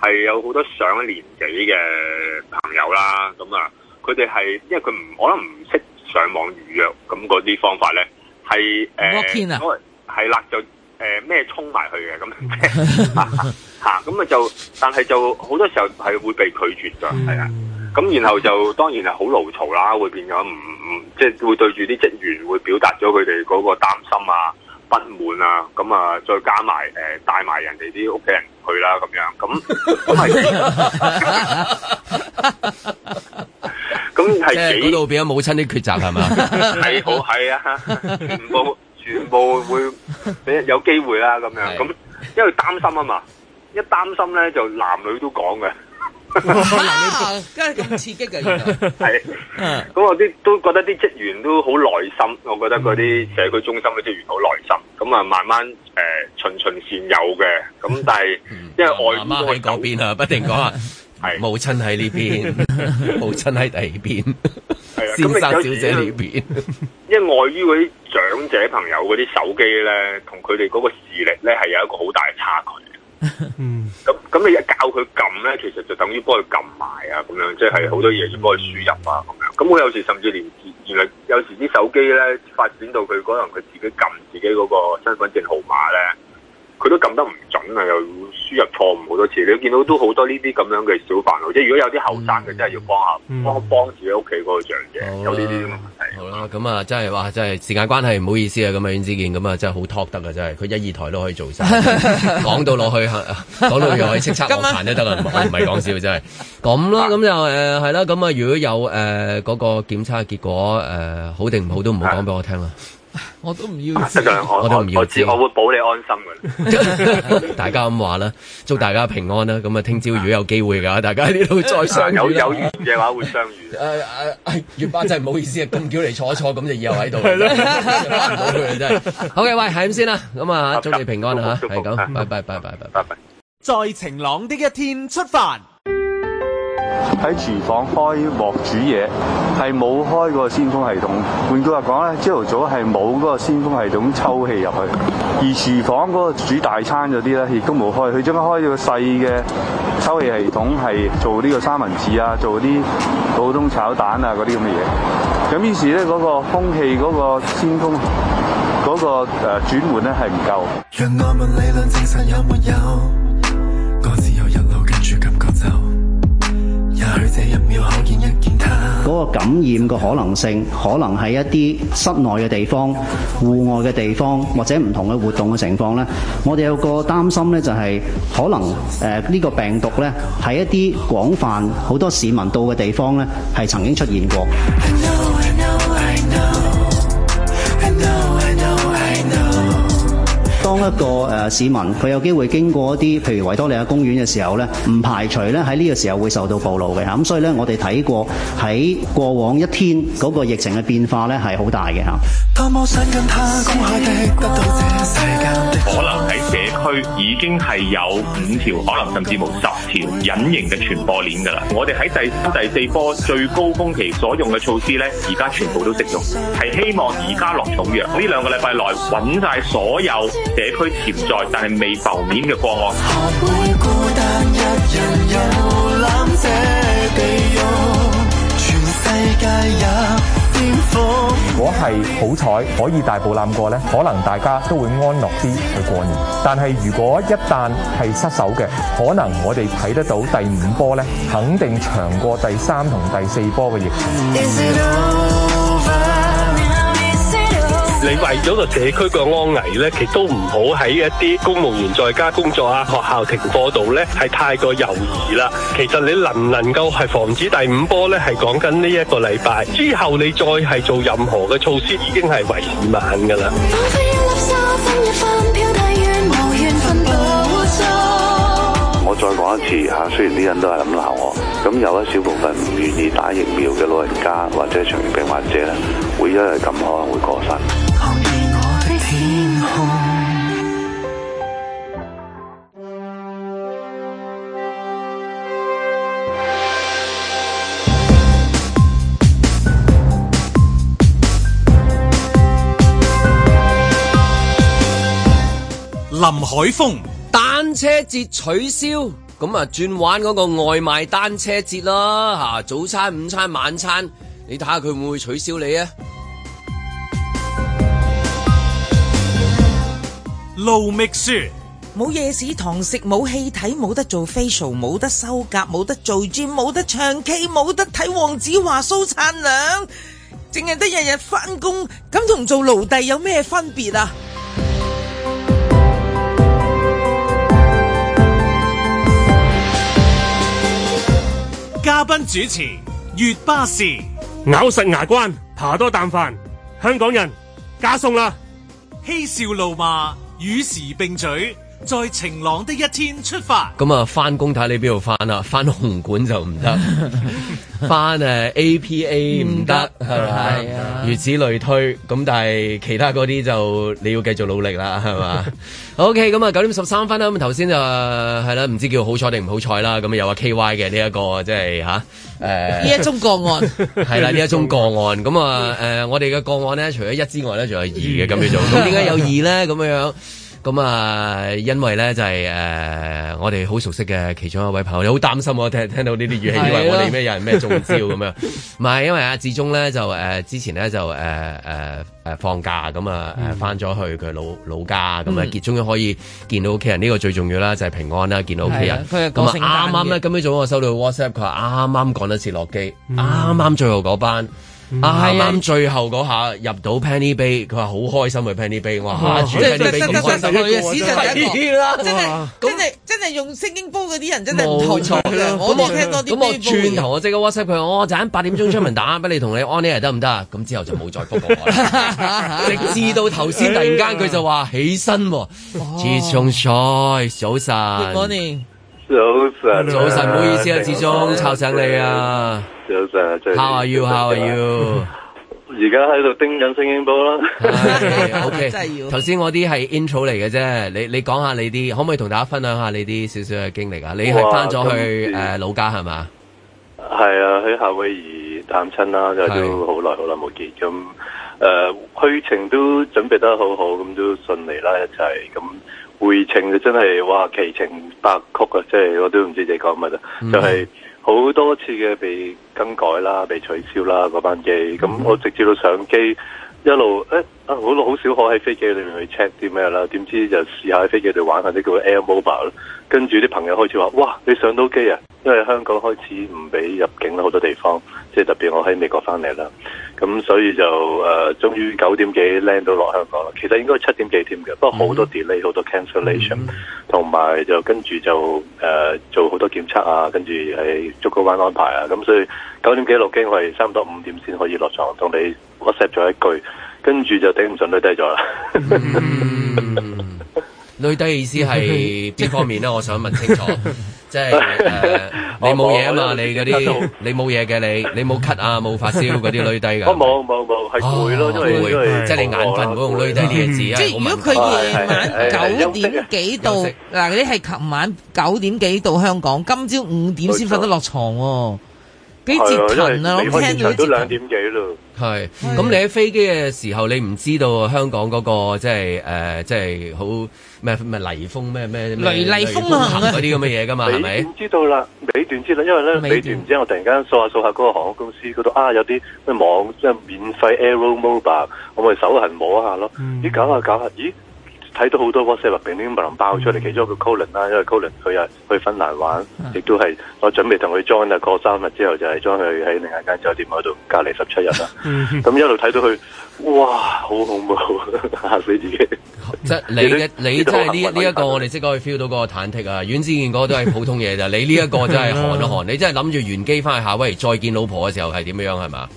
係有好多上年紀嘅朋友啦，咁啊，佢哋係因為佢唔可能唔識上網預約，咁嗰啲方法咧，係誒，係、呃、啦、呃、 就誒咩衝埋去嘅咁，樣啫，咁啊就，但係就好多時候係會被拒絕嘅，係、嗯、啊，咁然後就當然係好牢嘈啦，會變咗唔唔即係會對住啲職員會表達咗佢哋嗰個擔心啊。不滿啊，咁啊，再加埋誒帶埋人哋啲屋企人去啦，咁樣咁咁係，咁係 幾到變咗母親啲抉擇係嘛？係 是吧 好係啊，全部全部會畀有機會啦，咁樣咁， 因為擔心啊嘛，一擔心咧就男女都講嘅。吓、啊，真係咁刺激嘅，係，咁、啊、我啲都覺得啲職員都好耐心，我覺得嗰啲社區中心嘅職員好耐心，咁啊慢慢誒、呃、循循善誘嘅，咁但係因為外於喺嗰邊啊，不停講啊，係母親喺呢邊，母親喺第二邊， 邊、啊，先生小姐邊呢邊 ，因為礙於嗰啲長者朋友嗰啲手機咧，同佢哋嗰個視力咧係有一個好大嘅差距。嗯， 咁咁你一教佢撳咧，其實就等於幫佢撳埋啊，咁樣即係好多嘢要幫佢輸入啊，咁樣。咁我有時甚至連，原來有時啲手機咧發展到佢可能佢自己撳自己嗰個身份證號碼咧。佢都撳得唔準啊！又要輸入錯誤好多次，你見到都好多呢啲咁樣嘅小煩惱。即係如果有啲後生，佢真係要幫下幫幫住你屋企嗰個樣嘅，有呢啲咯。好啦，咁啊，真係哇！真係時間關係，唔好意思啊，咁啊，袁子健咁啊，真係好 talk 得啊！真係佢一二台都可以做曬，講到落去，講到落去，叱咤樂壇都得啊！唔係講笑真係。咁啦，咁就誒係啦。咁啊，如果有誒嗰個檢測結果誒好定唔好，都唔好講俾我聽啦。我都唔要我，我都唔要知，我知，我會保你安心嘅。 大家咁話啦，祝大家平安啦。咁啊，聽朝如果有機會嘅，大家呢度再相遇啦。有有緣嘅話會相遇。誒、呃、誒、呃呃、月班真係唔好意思啊，咁 叫嚟坐一坐，咁就以後喺度。係 啦、啊，唔到佢真係好嘅， okay，喂，係咁先啦。咁啊，祝你平安啦吓，係咁、啊，拜拜拜拜拜拜。在拜拜拜拜晴朗啲嘅一天出發。喺廚房開鑊煮嘢，係冇開個鮮風系統。換句話講咧，朝頭早係冇嗰個鮮風系統抽氣入去。而廚房嗰個煮大餐嗰啲咧亦都冇開，佢將開咗個細嘅抽氣系統，係做呢個三文治啊，做啲普通炒蛋啊嗰啲咁嘅嘢。咁於是咧，嗰、那個空氣嗰、那個鮮風嗰、那個誒、呃、轉換咧係唔夠。原來嗰、嗰個感染個可能性，可能喺一啲室內嘅地方、戶外嘅地方，或者唔同嘅活動嘅情況咧，我哋有個擔心咧、就係，就係可能誒呢、呃呢個病毒咧，喺一啲廣泛好多市民到嘅地方咧，係曾經出現過。當一個誒市民，佢有機會經過一啲，譬如維多利亞公園嘅時候咧，唔排除咧喺呢個時候會受到暴露嘅嚇。咁所以咧，我哋睇過喺過往一天嗰個疫情嘅變化咧，係好大嘅吓。想公開，可能喺社區已經係有五條，可能甚至冇十條隱形嘅傳播鏈㗎喇。我哋喺第三、第四波最高峰期所用嘅措施呢，而家全部都適用，係希望而家落重藥。呢兩個禮拜內揾晒所有社區潛在但係未浮面嘅個案。如果係好彩可以大步攬過呢，可能大家都會安樂啲去過年。但係如果一旦係失手嘅，可能我哋睇得到第五波呢，肯定長過第三同第四波嘅疫情。你為咗個社區個安危咧，其實都唔好喺一啲公務員在家工作啊，學校停課度咧係太過猶豫啦。其實你能唔能夠係防止第五波咧，係講緊呢一個禮拜之後，你再係做任何嘅措施，已經係為晚噶啦。我再講一次吓，雖然啲人都係咁鬧我。咁有一小部分唔願意打疫苗嘅老人家或者長期病患者咧，會因為咁可能會過身。林海峰，單車節取消。咁啊，轉玩嗰個外賣單車節啦，吓早餐、午餐、晚餐，你睇下佢會唔會取消你啊？Low Mix 冇夜市堂食，冇戲睇，冇得做 facial，冇得修甲，冇得做 gym，冇得唱 K，冇得睇黃子華、蘇燦良，淨係得日日翻工，咁同做奴隸有咩分別啊？嘉賓主持，月巴士咬實牙關，扒多啖飯。香港人加餸啦，嬉笑怒罵與時並舉。再晴朗的一天出發。咁啊，翻工睇你邊度翻啊？翻紅館就唔得，翻誒 APA 唔得，係嘛？如此類推。咁但係其他嗰啲就你要繼續努力啦，係嘛？OK 咁啊九點十三分啦。咁頭先就係啦，唔知叫好彩定唔好彩啦。咁又話 KY 嘅呢一個即係吓誒，呢一宗個案係啦，呢一宗個案。咁 啊誒、 呃，我哋嘅個案咧，除咗一之外咧，仲有二嘅咁樣做。咁點解有二咧？咁 樣樣。咁啊，因為咧就係、是、誒、呃，我哋好熟悉嘅其中一位朋友，你好擔心我聽、聽到呢啲語氣，以為我哋咩有人咩中招咁 樣。唔係，因為阿志忠咧就誒、呃、之前咧就誒、呃呃、放假咁啊，返翻咗去佢老老家咁啊，結、嗯、終於可以見到屋企人，呢、這個最重要啦，就係、是、平安啦，見到屋企人。啱啱咧，今朝早我收到 WhatsApp，佢話啱啱趕得切落機，啱、嗯、啱最後嗰班。啱、啊、啱、啊、最後嗰下入到 Penny Bay，佢話好開心去 Penny Bay，哇，即係真係史上第一啦！真係真係、嗯、真係用星京波嗰啲人真係唔錯嘅。我冇聽多啲波嘅。咁、嗯嗯、我轉頭我即刻 WhatsApp 佢，我陣間八點鐘出門打，畀 你同你 on i 日得唔得啊？咁之後就冇再覆我， 直至到頭先突然間佢、 哎、就話起身喎，始終賽早晨。早晨，早晨，唔好意思啊，志終吵醒你啊。早晨，How are you？How are you？而家喺度叮緊聲音波啦，okay, okay。O K，頭先我啲係 intro 嚟嘅啫。你你講下你啲，可唔可以同大家分享一下你啲少少嘅經歷是回去去是是啊？你係翻咗去誒老家係嘛？係啊，去夏威夷探親啦，就都好耐好耐冇見咁。誒，去，呃，程都準備得好好，咁都順利啦一齊咁。回程就真係哇奇情百曲啊！即係我都唔知你講乜啊。就係、是、好多次嘅被更改啦、被取消啦個班機，咁、嗯、我直接到上機一路誒。欸啊，好好少可喺飛機裏面去 check 啲咩啦，點知就試下喺飛機度玩下啲叫 AirMobile 跟住啲朋友開始話：哇，你上到機啊！因為香港開始唔俾入境啦，好多地方，即係特別我喺美國翻嚟啦，咁所以就誒、呃，終於九點幾 land 到落香港啦。其實應該七點幾添嘅，不過好多 delay，好多 cancellation，同埋就跟住就誒、呃、做好多檢測啊，跟住係逐個班安排啊，咁所以九點幾落機，我係差唔多五點先可以落床同你 WhatsApp 咗一句。跟住就頂唔順，累低咗啦。累低意思係邊方面咧？我想問清楚，即係你冇嘢啊嘛？你嗰啲你冇嘢嘅，你你冇咳啊，冇發燒嗰啲累低㗎。我冇冇冇，係攰咯，因為即係你眼瞓嗰種累低呢個字啊。即係如果佢夜晚九點幾到嗱，你係琴晚九點幾到香港，今朝五點先瞓得落牀喎，幾折騰啊？我聽到都兩點幾咯。係，咁你喺飛機嘅時候，你唔知道香港嗰、嗰個即係誒，即係好咩咩颳風咩咩雷颳風啊啲咁嘅嘢㗎嘛，係咪？唔知道啦？尾段知道，尾段知道，因為咧尾段唔知我突然間掃下掃下嗰個航空公司嗰度啊，有啲咩網即係、即係、免費 AeroMobile，我咪手痕摸一下咯，咦、嗯？搞下搞下，咦？睇到好多 WhatsApp 啊，啲爆出嚟。其中一個 Colin 啦，因為 Colin 佢啊，去，去芬蘭玩，嗯，亦都係我準備同佢 join 啊，過三日之後就係 join 佢喺另一間酒店嗰度隔離十七日啦。咁、嗯、一路睇到佢，哇，好恐怖，嚇死自己！即係你嘅， 你，你，你真係呢呢一個，我哋即刻去 feel 到個忐忑啊。阮之健嗰都係普通嘢啫， 你呢一個真係寒一寒。 你真係諗住原機翻去夏威夷再見老婆嘅時候係點樣係嘛？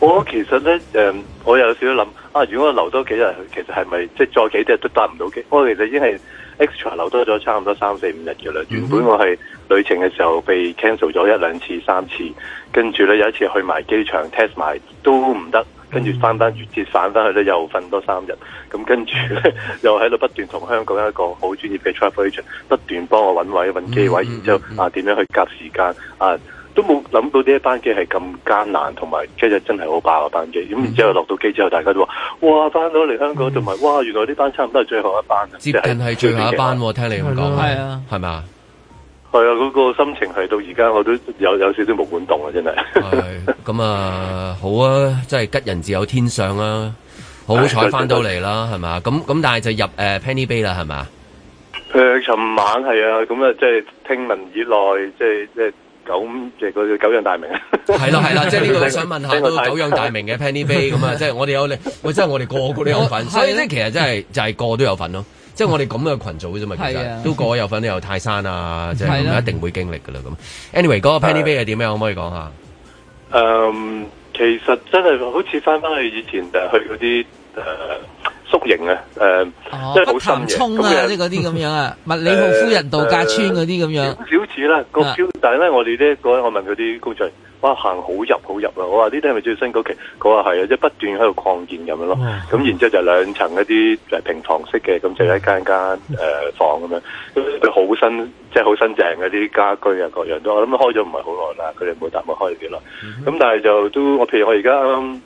我、哦、其實咧，誒、呃，我有少少諗啊，如果我多留多幾日，其實係咪即係再幾日都搭唔到機？我、哦、其實已經係 extra 留多咗差唔多三四五日嘅啦。原本我係旅程嘅時候被 cancel 咗一兩次、三次，跟住咧有一次去埋機場 test 埋都唔得，跟住翻翻月鐵返翻去咧又瞓多三日，咁跟住咧又喺度不斷同香港一個好專業嘅 travel agent 不斷幫我揾位、揾機位，嗯、然之後、嗯嗯、啊點樣去夾時間啊？都冇諗到呢一班機係咁艱難，同埋其實真係好爆個班機。咁然之後落到機之後，大家都話：，嗯、哇，翻到嚟香港，同、嗯、埋哇，原來呢班差唔多係最後一班。接近係最後一班，一班啊、聽你咁講係啊，係咪？係啊，嗰、那個心情係到而家我都有有少少冇管動啊，真係。係咁 啊，好啊，真係吉人自有天相啊！好彩翻到嚟啦，係咪？咁咁，但係就入誒、呃、Penny Bay 啦，係咪？佢、呃、尋晚係啊，咁啊，即係聽聞以內，即係即係。九咁即係個久仰大名啊！係啦係啦，即係呢個你想問下都久仰大名嘅 Penny Bay 咁 啊！即係我哋有你，喂，即係我哋個個都有份。 所以即係其實真係就係個都有份咯。即 係我哋咁嘅群組啫嘛，其實都個個有份，有泰山啊，即係咁一定會經歷噶啦。咁 Anyway，嗰個 Penny Bay 係點樣？可唔可以講下？嗯、um,，其實真係好似翻翻去以前就係去嗰啲誒。Uh, 屋型、呃哦、啊，誒，即係好新嘅，啊，啲嗰啲咁樣啊，麥理浩夫人度假村嗰啲咁樣，少少似啦，個、呃、少、嗯，但係咧，我哋咧、那個，我問佢啲高層。哇！行好入好入啊，我話呢啲係咪最新嗰期？佢話係啊，即係不斷喺度擴建咁樣咯。咁、嗯、然之後就兩層一啲就係平房式嘅，咁就一間間誒房咁樣。佢好新，即係好新淨嗰啲家居啊，各樣都。我諗開咗唔係好耐啦，佢哋冇答我開幾耐。咁、嗯、但係就都我譬如我而家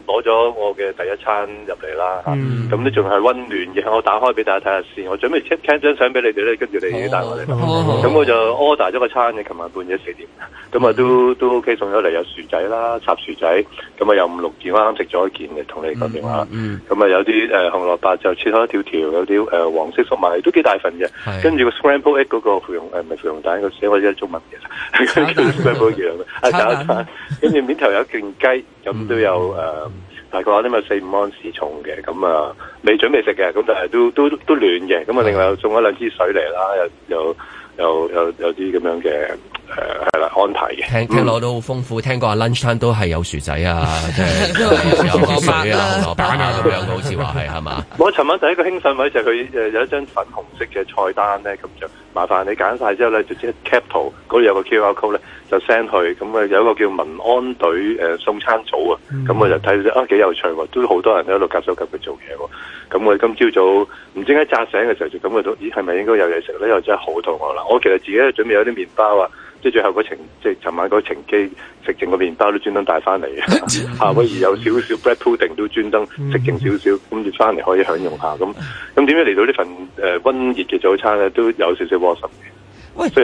攞咗我嘅第一餐入嚟啦，咁咧仲係溫暖嘅。我打開俾大家睇下先，我準備 take 張相俾你哋咧，跟住你帶我嚟。咁、哦、我就 order 咗個餐你琴日半夜四點。咁、嗯、啊、嗯、都都 OK，送咗嚟薯仔啦，插薯仔，咁啊有五六件，啱啱食咗一件嘅，同你講電話。咁、嗯、啊、嗯、有啲誒、呃、紅蘿蔔就切開一條條，有啲誒、呃、黃色粟米都幾大份嘅。跟住個 scramble egg 嗰個芙蓉誒唔係芙蓉蛋，個寫我依家中文嘅跟住 scramble 一啊，跟住 面頭有一件雞，咁、啊嗯、都有誒、uh, 大概啲咪四五盎司重嘅，咁啊未準備食嘅，咁但係都都都，都暖嘅，咁啊另外又送咗兩支水嚟啦，又又又又有啲咁樣嘅。誒係啦，安排嘅。聽聽落都好豐富，嗯、聽講阿 Lunchtime 都係有薯仔啊，即 係有雞薯， 薯仔 白啊、紅蘿蔔啊好似話係係嘛。我尋晚第一個興奮位就係佢誒有一張粉紅色嘅菜單咧，咁就麻煩你揀晒之後咧，就即係 cap 圖，嗰度有個 QR code 咧，就 send 去。咁啊有一個叫民安隊誒送餐組、嗯、啊，咁我就睇到啊幾有趣喎，都好多人喺度夾手夾腳做嘢喎。咁我今朝早唔知點解扎醒嘅時候就感覺到，咦係咪應該有嘢食咧？又真係好肚餓啦！我其實自己準備有啲麵包啊。即最後嗰程，即係尋晚嗰程機食剩個麵包都專登帶翻嚟，下邊而有少少 bread pudding 都專登食剩少少，跟住翻嚟可以享用一下。咁咁點解嚟到呢份誒、呃、溫熱嘅早餐咧，都有少少窩心喂，其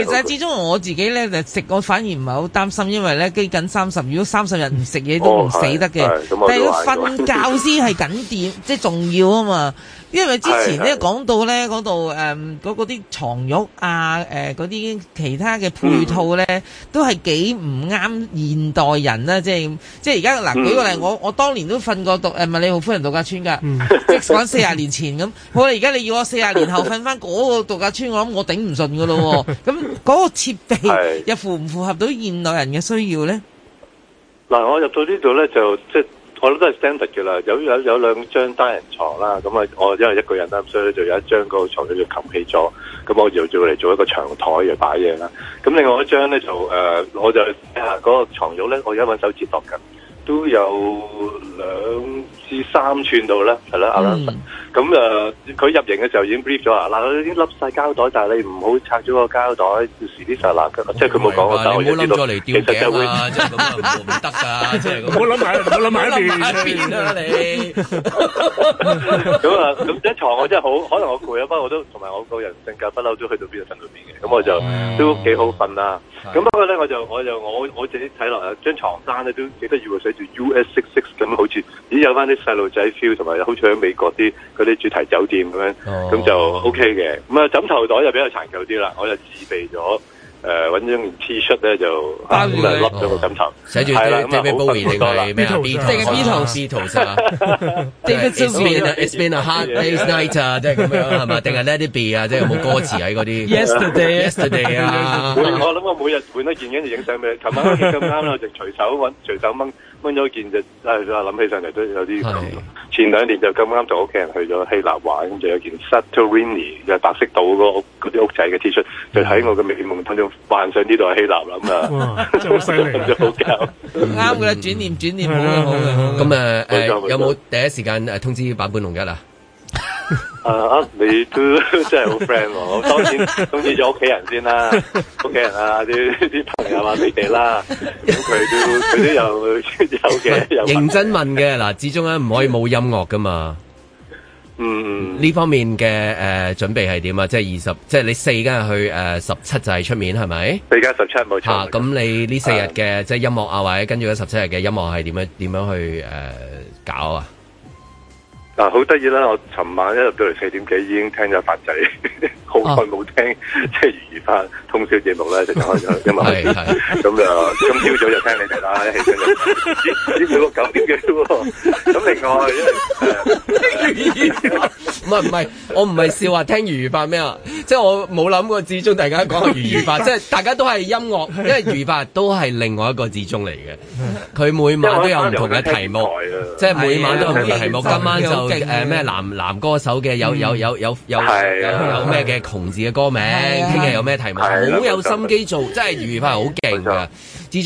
實始終我自己咧就食，我反而唔係好擔心，因為咧基緊三十，30，如果三十日唔食嘢都唔死得嘅、哦。但係瞓覺先係緊點，即 係重要啊嘛。因為之前呢，講到咧嗰度誒，嗰啲、嗯、床褥啊，誒嗰啲其他嘅配套咧、嗯，都係幾唔啱現代人啦，即係即係而家嗱舉個例、嗯，我我當年都瞓過度。誒麥理浩夫人度假村㗎，即係講四廿年前咁。好啦而家你要我四廿年後瞓翻嗰個度假村，我諗我頂唔順嘅咯。 咁 嗰個設備又符唔符合到現代人嘅需要咧？嗱， 我入到呢度咧，就即、是、係我諗都係 standard 嘅啦。有有有兩張單人床啦，咁啊，我因為一個人啦，所以咧就有一張嗰個床咧就冚起咗，咁我就佢嚟做一個長台嘅擺嘢啦。咁另外一張咧就誒、呃，我就下嗰、那個床褥咧，我而家搵手指落緊，都有兩。至三寸度咧，係啦，阿、嗯、生，咁、啊、誒，佢入營嘅時候已經 brief 咗啊！嗱，佢已經笠晒膠袋，但係你唔好拆咗個膠袋，遲啲、哦、就即係佢冇講個膠袋，我我知道其實就會即係得㗎，係咁。我諗埋，我諗埋一邊啦，你咁啊，咁張 就是啊 啊、床我真係好，可能我攰啊，不過我都同埋我個人性格不嬲、哦，都去到邊度瞓到邊嘅，咁我就都幾好瞓啦。咁不過咧，我就我就我我自己睇落啊，張牀單咧都記得以為寫住 U S six six 咁，US66，樣好似咦有翻啲。細路仔 feel，同埋好似喺美國啲嗰啲主題酒店咁樣，咁就 OK 嘅。咁啊，枕頭袋就比較殘舊啲啦，我就自備咗誒揾張 T-shirt 咧就包住笠咗個枕頭，寫住啲咩咩 Bowie 定係咩 B，定係 B 頭 C 頭先啊？It's been a hard day's night 啊，即係咁樣係嘛？定係 Let it be 啊？即係有冇歌詞喺嗰啲？Yesterday，Yesterday 啊！我諗我每日換一件，跟住影相畀你，琴晚啱啱咁啱啦，就隨手揾隨手掹。搬咗件就誒諗起上嚟都有啲、這個、前兩年就咁啱同屋企人去咗希臘玩，咁就有件 Santorini 就白色島嗰嗰啲屋仔嘅 T-shirt，就喺我嘅美夢當中幻想呢度係希臘啦。咁啊，好犀利，好搞，啱、嗯、嘅、嗯。轉念轉念，好嘅好嘅。咁啊誒，有冇第一時間誒通知坂本龍一啊？誒、uh, 啊、uh, 你都真係好 friend，咁當然通知咗屋企人先啦，屋企人啊，啲啲朋友啊，你哋啦，咁佢都佢都有 有嘅。認真問嘅嗱， 始中咧唔可以冇音樂噶嘛。嗯，呢、嗯、方面嘅誒、呃、準備係點、就是呃、啊？即係二十，即係你四日去誒十七就係出面係咪？四加十七冇錯。吓，咁你呢四日嘅即係音樂啊或者跟住咧十七日嘅音樂係點樣點樣去誒、呃、搞啊？好得意啦！我尋晚一入到嚟四點幾已經聽咗發仔，好耐冇聽、啊、即係余宜發通宵節目咧，就開咗，因為係咁啊，今 朝早就聽你哋啦，一起身咗，欸欸欸、點少九點幾喎？咁另外唔係唔係，我唔係笑話聽余宜發咩啊？即係我冇諗過魚魚，始終大家講係余宜發，即係大家都係音樂， 因為余宜發都係另外一個始終嚟嘅，佢 每晚都有唔同嘅題目，剛剛即係每晚都有唔同嘅題目、啊啊啊今，今晚就。嘅誒咩男男歌手嘅有有有有、啊、有有咩嘅窮字嘅歌名，聽日、啊、有咩題目，好、啊、有心機做，即係餘派好勁噶。始、啊、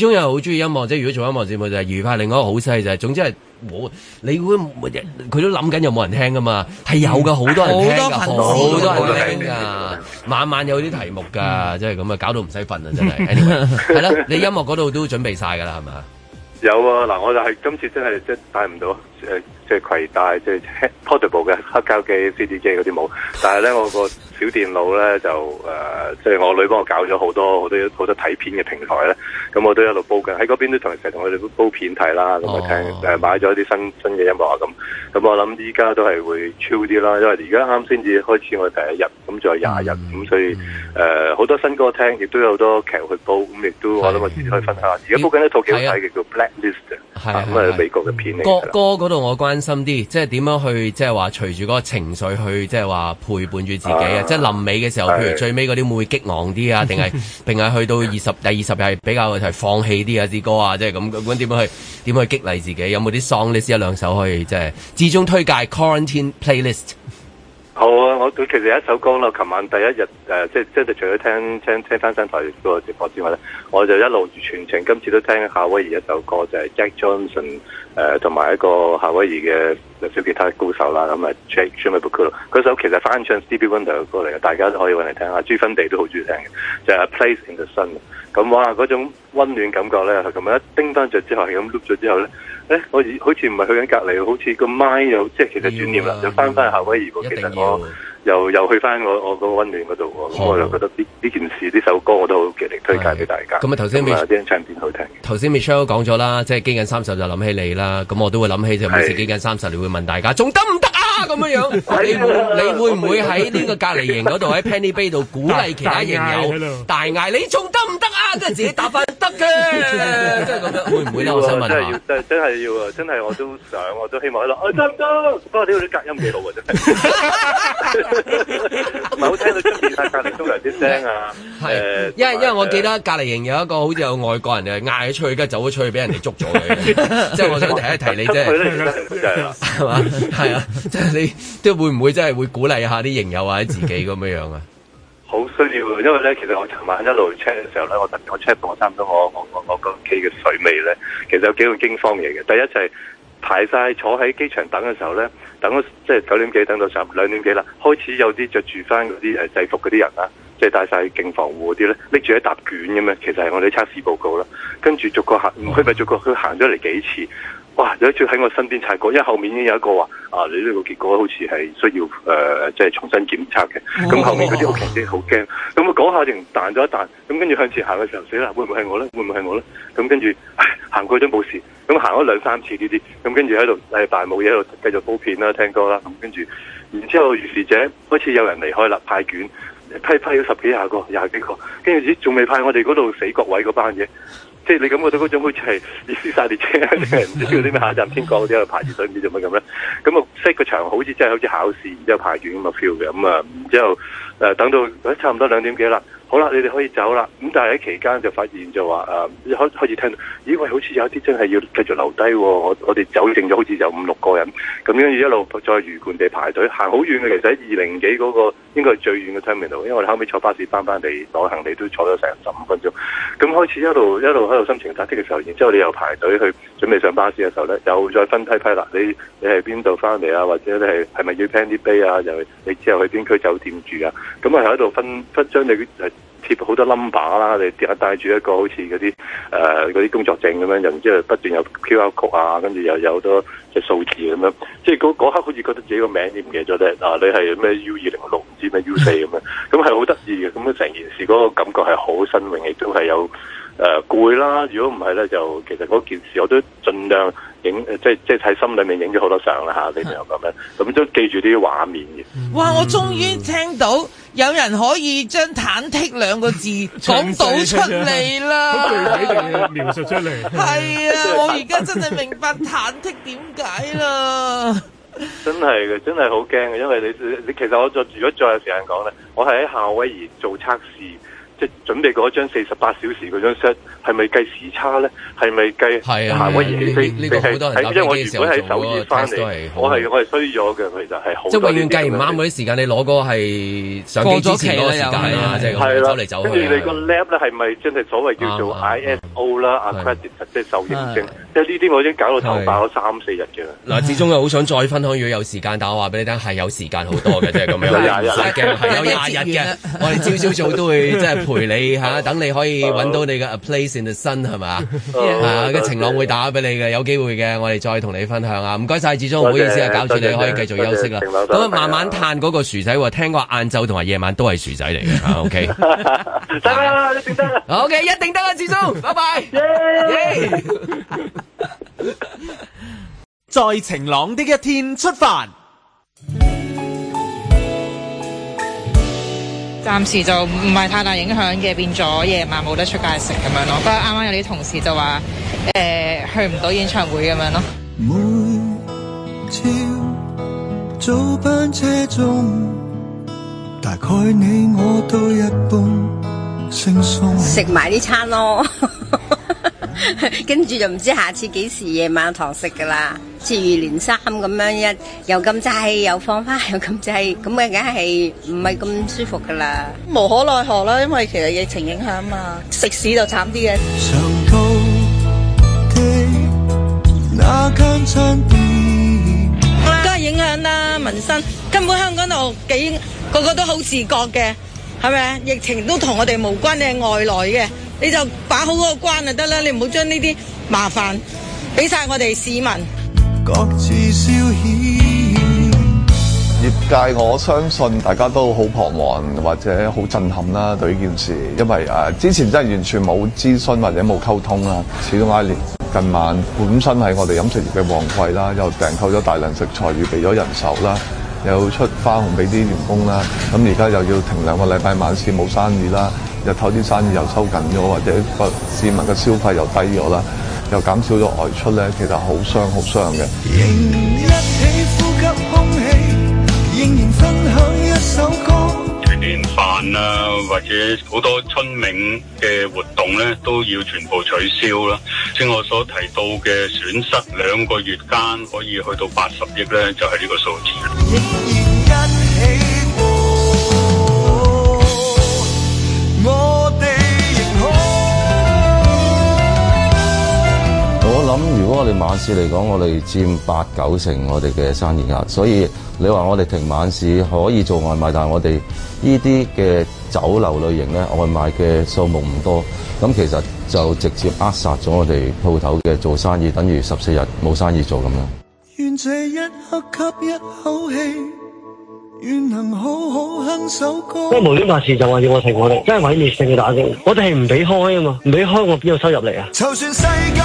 終又好中意音樂啫。如果做音樂節目就係餘派另外一個好犀利就係，總之係我你會佢都諗緊有冇人聽噶嘛，係有噶，好多人好多好多人聽噶。晚晚有啲題目噶，即係咁啊，搞到唔使瞓啊，真係。係 啦， 你音樂嗰度都準備晒噶啦，係咪啊？有啊，嗱，我就係、是、今次真係即係帶唔到即係攜帶即係 portable 嘅黑膠機、CDJ 嗰啲冇，但係咧我個小電腦咧就誒，即、呃、係、就是、我女幫我搞咗好多好多好多睇片嘅平台咧，咁、嗯、我都一路煲緊，喺嗰邊都同成日同佢哋煲片睇啦，咁啊聽、哦、買咗啲新新嘅音樂咁，咁、嗯、我諗依家都係會超啲啦，因為而家啱先至開始我哋第一日，咁仲有廿日咁，所以誒好、呃、多新歌聽，亦都有好多劇去煲，咁亦都我諗我自己可以分享下。而家煲緊一套幾好睇嘅叫 Blacklist，咁啊，Black 啊美國嘅片嚟歌度我關真心啲，即係點樣去，即係話隨住嗰個情緒去，即係話陪伴住自己啊！即係臨尾嘅時候，譬如最尾嗰啲會激昂啲啊？定係定係去到二十第二十日比較係放棄啲啊啲歌啊，即係咁，點樣去點樣 去激勵自己？有冇啲 song 呢？試一兩首可以即係至終推介 quarantine playlist。好啊！我其實有一首歌咯。我琴晚第一日誒、呃，即即係除咗聽聽聽翻新台個直播之外咧，我就一路全程今次都聽夏威夷一首歌，就係、是、Jack Johnson 誒同埋一個夏威夷嘅小吉他高手啦。咁啊，Jake Shimabukuro 嗰首其實翻唱 Stevie Wonder 嘅歌嚟嘅，大家都可以揾嚟聽下。朱芬地都好中意聽嘅，就係、是、A Place in the Sun。咁哇，嗰、啊、種温暖感覺咧，咁樣一叮翻着之後，係咁 look 著之後咧。誒、欸，我好似唔係去緊隔離，好似個 mind。又即係其實轉念啦，就翻返夏威夷喎，其實我。又又去翻我我個溫暖嗰度喎，咁我就覺得呢呢件事呢首歌我都好極力推介俾大家。咁啊，頭先 Michelle 啲唱片好聽嘅。頭先 Michelle 講咗啦，即係基緊三十就諗起你啦，咁我都會諗起就每次基緊三十你會問大家仲得唔得啊？咁樣樣，你會你會唔會喺呢個隔離營嗰度喺 Penny Bay 度鼓勵其他營友大嗌你仲得唔得啊？即係自己答翻得嘅，即係覺得會唔會咧？我想問下。真係要啊！真係我都想，我都希望喺度，我得唔得？不過呢個啲隔音幾好啊！真係。唔係好聽到隔籬中梁啲聲啊！係、呃，因為、就是、因為我記得隔籬營有一個好似有外國人就嗌咗出去，跟住走咗出去俾人哋捉咗佢。即 係我想提一提你，啫， 係係嘛，係啊！即 係你即係會唔會真係會鼓勵下啲營友或者自己咁 樣樣啊？好需要，因為咧，其實我尋晚一路 check 嘅時候咧，我特我 check 到我差唔多我我我我個屋企嘅水位咧，其實有幾個驚慌嘢嘅。第一就係排晒坐喺機場等嘅時候咧。等咗即係九點幾等到十兩點幾啦，開始有啲着住翻嗰啲誒制服嗰啲人啦，即係戴晒勁防護嗰啲咧，拎住一沓卷咁樣，其實係我哋測試報告啦，跟住逐個行，佢、嗯、咪逐個佢行咗嚟幾次。哇！有一次喺我身邊查過，因為後面已經有一個話：啊，你呢個結果好似係需要誒，即、呃、係、就是、重新檢測嘅。咁、嗯、後面嗰啲屋企姐好驚，咁、嗯、佢講下定彈咗一彈，咁跟住向前行嘅時候，死啦！會唔會係我咧？會唔會係我咧？咁跟住行過都冇事，咁、嗯、行咗兩三次呢啲，咁跟住喺度大冇嘢喺度繼續煲片啦、聽歌啦，咁跟住，然之後如是者開始有人離開啦，派卷，批批咗十幾廿個、廿幾個，跟住仲未派我哋嗰度死角位嗰班嘢。即係你感覺到嗰種好似係屍殺列車，唔知做啲咩，下一站先講啲喺度排熱水，唔知做乜咁咧。咁啊，識個場好似真係好似考試，然之後排完咁嘅 feel 嘅。咁啊，然之後誒等到誒、啊、差唔多兩點幾啦。好啦，你哋可以走啦。咁但係喺期間就發現就話誒，開開始聽到咦喂，好似有啲真係要繼續留低。我我哋走剩咗好似有五六個人，咁樣一路再魚貫地排隊，行好遠嘅。其實喺二零幾嗰個應該係最遠嘅 terminal，因為我哋後尾坐巴士翻翻地，攞行李都坐咗成十五分鐘。咁開始一路一路喺度心情忐忑嘅時候，然之後你又排隊去準備上巴士嘅時候咧，又再分批批啦。你你係邊度翻嚟啊？或者你係係咪要 Penny's Bay 啊？又你之後去邊區酒店住啊？咁啊喺度分分將你貼好多 number 啦，你帶住一個好似嗰啲、誒、嗰啲工作證咁樣，然之後不斷有 QR code 啊，跟住又有好多個數字咁樣，即係嗰刻好似覺得自己個名都唔記得咗啫、啊、你係咩 U 二零六，唔知咩 U 四咁樣，咁係好得意嘅，咁成件事嗰個感覺係好新穎，亦都係有。誒、呃，攰啦！如果唔係咧，就其實嗰件事我都盡量影，即係即係喺心裏面影咗好多相啦吓，你又咁樣，咁都記住啲畫面嘅、嗯。哇！我終於聽到有人可以將忐忑兩個字講到出嚟啦！嗰句喺度描述出嚟。係 啊，我而家真係明白忐忑點解啦！真係嘅，真係好驚嘅，因為你你其實我就如果再有時間講咧，我喺夏威夷做測試。即係準備嗰張四十八小時嗰張 set 係咪計時差咧？係咪計夏威夷呢？呢、啊啊嗯嗯嗯嗯這個係、嗯這個、因為我原本喺首爾翻嚟，我係我係衰咗嘅。其實係即係永遠計唔啱嗰啲時間，你攞個係過咗期了、嗯、啊！係啦、啊，跟住、啊啊啊、你個 lab 咧係咪真係所謂叫做 ISO 啦、啊、Accredited 即係受認證？即係呢啲我已經搞到頭爆咗三四日㗎啦。嗱、啊啊啊啊，始終又好想再分享，如果有時間，但我話俾你聽係有時間好多嘅，即係咁樣有廿日嘅，有廿日嘅，我哋朝朝早都會即陪你嚇，等、oh. 你可以揾到你嘅 a place in the sun 係、oh. 嘛？啊、oh. 呃，個晴朗會打俾你嘅，有機會嘅，我哋再同你分享啊！唔該晒，志忠，唔好意思啊，搞住你可以繼續休息啊。咁慢慢嘆嗰個薯仔喎，聽講晏晝同埋夜晚都係薯仔嚟嘅，OK？得啦，你食得。OK， okay 一定得啊，志忠，拜 拜。在晴朗的一天出發。暫時就唔係太大影響嘅，變咗夜晚冇得出街食咁樣咯。不過啱啱有啲同事就話，誒、呃、去唔到演唱會咁樣咯。每朝早班車中，大概你我都食埋啲餐咯。 跟 住就唔知下次幾時夜晚堂食噶啦，接二連三咁樣一又咁滯又放翻又咁滯咁啊，梗係唔係咁舒服噶啦。無可奈何啦，因為其實疫情影響啊嘛，食市就慘啲嘅。梗係影響啦，民生根本香港度幾個個都好自覺嘅。係咪啊？疫情都同我哋無關，你係外來嘅，你就把好嗰個關就得啦，你唔好將呢啲麻煩俾晒我哋市民。各自消遣。業界我相信大家都好彷徨或者好震撼啦，對呢件事，因為誒、啊、之前真係完全冇諮詢或者冇溝通啦。始終年近晚本身係我哋飲食業嘅旺季啦，又訂購咗大量食材，預備咗人手啦。又出花紅俾啲員工啦，咁而家又要停兩個禮拜晚市冇生意啦，日頭啲生意又收緊咗，或者個市民嘅消費又低咗啦，又減少咗外出咧，其實好傷好傷嘅。仍然一起呼吸空氣，仍然分享一首。年飯啊，或者好多春茗嘅活動咧，都要全部取消啦。即我所提到嘅損失，兩個月間可以去到八十億咧，就係、是、呢個數字。咁如果我哋晚市嚟講，我哋佔八九成我哋嘅生意額，所以你話我哋停晚市可以做外賣，但係我哋呢啲嘅酒樓類型咧，外賣嘅數目唔多，咁其實就直接扼殺咗我哋鋪頭嘅做生意，等於十四日冇生意做咁樣。願這一刻吸一口氣，願能好好哼首歌。不過無端白事就話要我停我哋，真係毀滅性嘅打擊。我哋係唔俾開啊嘛，唔俾開我邊有收入嚟啊？就算世界。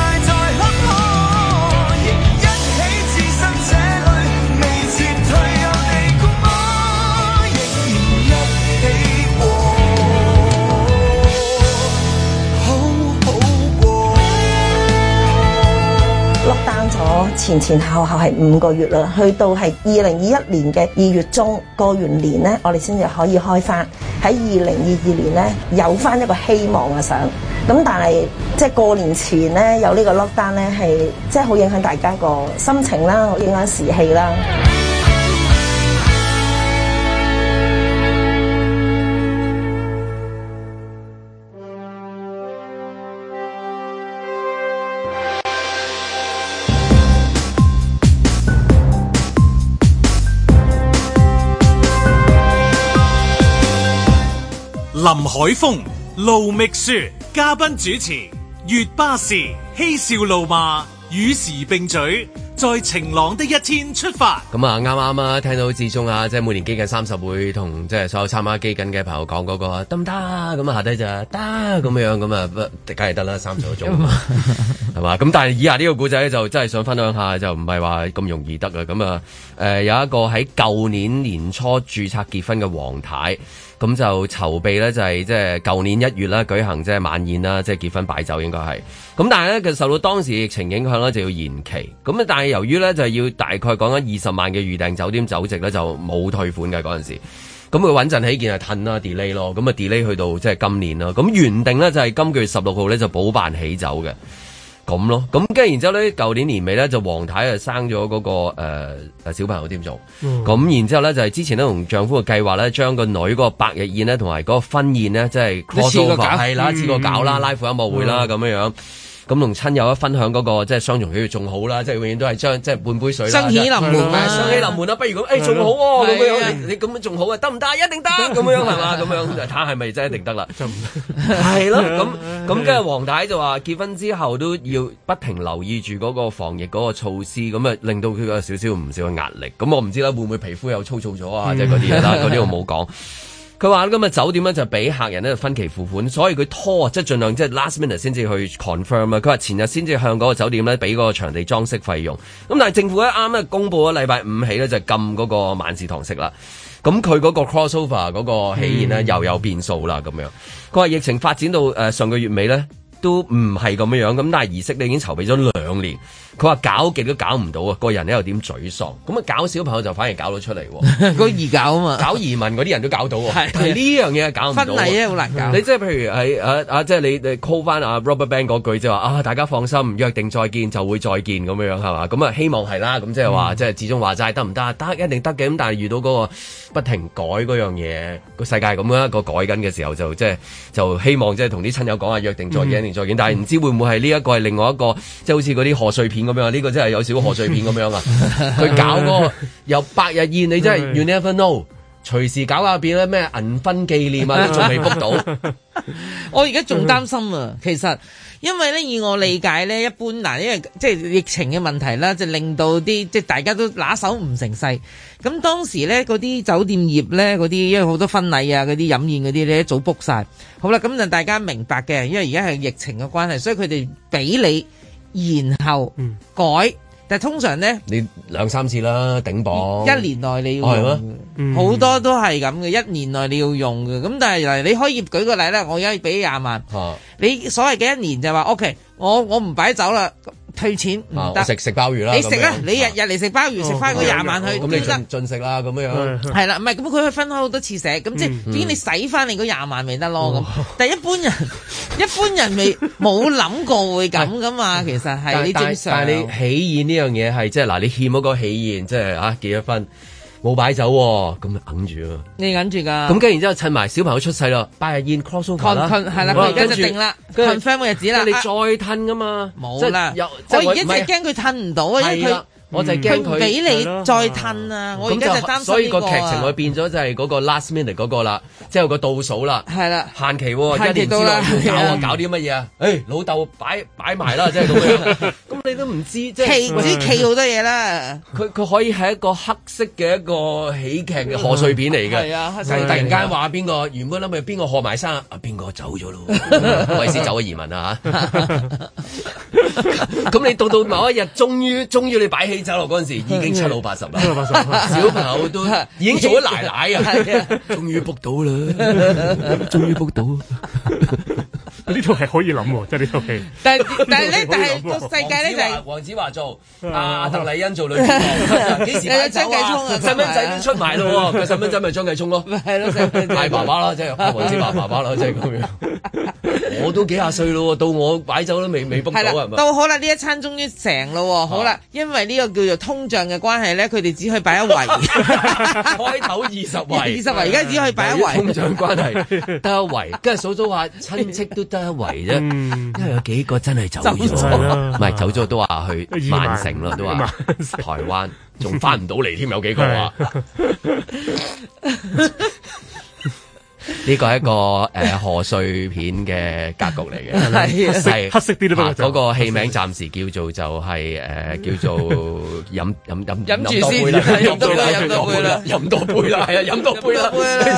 前前後後係五個月啦，去到係二零二一年嘅二月中過完年呢，我哋先至可以開翻。喺二零二二年呢，有翻一個希望嘅相。咁但係即係過年前呢，有呢個 lockdown 呢，係即係好影響大家個心情啦，好影響士氣啦。林海峰、盧覓雪嘉賓主持，月巴氏嬉笑怒罵，與時並舉。在晴朗的一天出發，咁啊啱啱，啊，剛剛聽到志忠啊，即係每年饑饉三十會同即係所有參加饑饉嘅朋友講嗰、嗰個得唔得，咁啊，下低就得咁樣，咁啊，梗係得啦，三十個鐘係嘛？咁 但係以下呢個古仔就真係想分享下，就唔係話咁容易得啦，咁啊，誒有一個喺舊年年初註冊結婚嘅黃太，咁就籌備呢，就係即係舊年一月啦，舉行即係晚宴啦，即係結婚擺酒應該係咁，但係呢，就受到當時疫情影響呢，就要延期，咁但係由於咧就要大概講緊二十萬嘅預訂酒店酒席咧就冇退款嘅嗰陣時，咁佢穩陣起見係褪啦 delay 咯，咁啊 delay 去到即係、就是、今年啦，咁原定咧就係、是、今個月十六號咧就補辦喜酒嘅咁咯，咁跟住然之後咧舊年年尾咧就黃太啊生咗嗰、那個誒、呃、小朋友點做，咁、嗯、然之後咧就係、是、之前咧同丈夫嘅計劃咧將個女嗰個百日宴咧同埋嗰個婚宴咧即係一次過搞啦，一、嗯、次過搞啦，拉富音樂會啦咁、嗯、樣。嗯咁同親友一分享嗰個即係雙重喜，仲好啦，即係永遠都係將即係半杯水啦，雙喜臨門、啊，雙喜臨門啦、啊，不如咁，誒仲好喎，你咁樣仲好啊，得唔得？一定得咁 樣係嘛，咁樣睇下係咪真係一定得啦？係 咯是的，咁咁跟住黃太就話結婚之後都要不停留意住嗰個防疫嗰個措施，咁啊令到佢有少少唔少嘅壓力。咁我唔知啦，會唔會皮膚又粗糙咗啊？即係嗰啲嗰啲我冇講。佢話今日酒店咧就俾客人咧就分期付款，所以佢拖啊，即係儘量即係 last minute 先至去 confirm 啊。佢話前日先至向嗰個酒店咧俾嗰個場地裝飾費用。咁但係政府咧啱咧公佈咗禮拜五起咧就禁嗰個晚市堂食啦。咁佢嗰個 crossover 嗰個喜宴呢又有變數啦咁、嗯、樣。佢話疫情發展到誒上個月尾咧都唔係咁樣。咁但係儀式你已經籌備咗兩年。佢話搞極都搞唔到啊！個人咧有點沮喪。咁啊，搞小朋友就反而搞到出嚟，咁易搞啊嘛。搞移民嗰啲人都搞到。係。 但係呢樣嘢搞唔到。婚禮咧好難搞。你即係譬如喺啊啊，即係你，你 call 翻啊 Robert Bang 嗰句，即係話啊，大家放心，約定再見就會再見咁樣樣係嘛？咁啊，希望係啦。咁即係話、嗯，即係始終話齋得唔得？得一定得嘅。咁但係遇到嗰個不停改嗰樣嘢，個世界咁樣、一個改緊嘅時候，就即係就希望即係同啲親友講下約定再見，一定再見。但係唔知會唔會係呢一個係另外一個，即係好似嗰啲賀歲片。咁樣呢、這個真係有少少賀歲片咁樣啊！佢 搞、那個由百日宴，你真係 You Never Know，隨時搞下變咧咩銀婚紀念啊，都仲未 book 到。 我而家仲擔心啊，其實因為咧以我理解咧，一般嗱，因為即係、就是、疫情嘅問題啦，就是、令到啲即係大家都拿手唔成勢。咁當時咧嗰啲酒店業咧嗰啲，因為好多婚禮啊、嗰啲飲宴嗰啲咧一早 book 晒。好啦，咁就大家明白嘅，因為而家係疫情嘅關係，所以佢哋俾你。然後嗯，改，但係通常咧，你兩三次啦，頂榜一年內你要用，好多都係咁嘅，一年內你要用嘅。咁但係嚟，你開業舉個例啦，我而家俾廿萬，你所謂嘅一年就話 OK，我我唔擺酒啦。退錢唔得，食食、啊、鮑魚啦，你食啦，你日日嚟食鮑魚，食翻嗰廿萬去，咁、嗯嗯嗯、你盡盡食啦，咁樣係啦，唔係咁佢去分開好多次食，咁即係點、嗯嗯、你使翻你嗰廿萬咪得咯咁，但一般人 一般人未冇諗過會咁噶嘛， 其實係你正常。但係你喜宴呢樣嘢係即係嗱，你欠嗰個喜宴即係啊結咗婚。冇擺酒喎、啊，咁就揞住咯。你揞住㗎，咁跟住然之後，趁埋小朋友出世咯，百日宴 cross over 啦，係啦，咁、嗯、就定啦，confirm 嘅日子啦，你再褪㗎嘛，冇、啊、啦，就而家就驚佢褪唔到啊，我就驚佢俾你再褪啊，啊，我而家就擔心，所以個劇情會變咗，就係嗰個 last minute 嗰個啦，即、就、係、是、個倒數啦。係啦，限期，啊限期啊一年之。限期到要搞啊搞啲乜嘢啊？誒、啊哎，老豆擺擺埋啦，即係咁樣。咁、啊、 你都唔知，即係唔知企好多嘢啦、啊。佢佢可以係一個黑色嘅一個喜劇嘅賀歲片嚟嘅。係啊，片但突然間話邊個原本諗住邊個賀埋生，啊，邊個走咗咯、啊，為 先、嗯、走咗、啊、移民啊咁、啊、 你到到某一日，終於終於你擺起。走落嗰陣時已經七老八十啦， 小朋友都 已經做咗奶奶 啊，終於卜到啦，終於卜到了。 呢套係可以諗喎，即係呢套戲。但係但係咧，但係個世界咧就係黃子華做，嗯、啊，鄧麗欣做女伴。幾時候走、啊？張繼聰細蚊仔都出埋咯喎，個細蚊仔咪張繼聰咯，係咯，太爸爸咯，即係黃子華爸爸咯，即係咁樣。我都幾廿歲咯喎，到我擺酒都未未係到好啦，呢一餐終於成咯，好啦，因為呢個叫做通脹嘅關係咧，佢哋只可以擺一圍，啊、 開頭二十圍，二十圍而家只可以擺一圍。通脹關係得一圍，跟住嫂嫂話親戚都得。一圍啫，因為有幾個真係走咗，唔係 走咗都話去曼城啦，都話台灣仲翻唔到嚟添， 有幾個啊？ 呢個係一個誒賀、呃、歲片嘅格局嚟嘅，係、 啊、黑色啲都個戲嗰個戲名暫時叫做就係、是、誒、呃、叫做飲飲飲飲住先，飲多杯啦，飲多杯啦，飲多杯啦，係啊，飲多杯啦，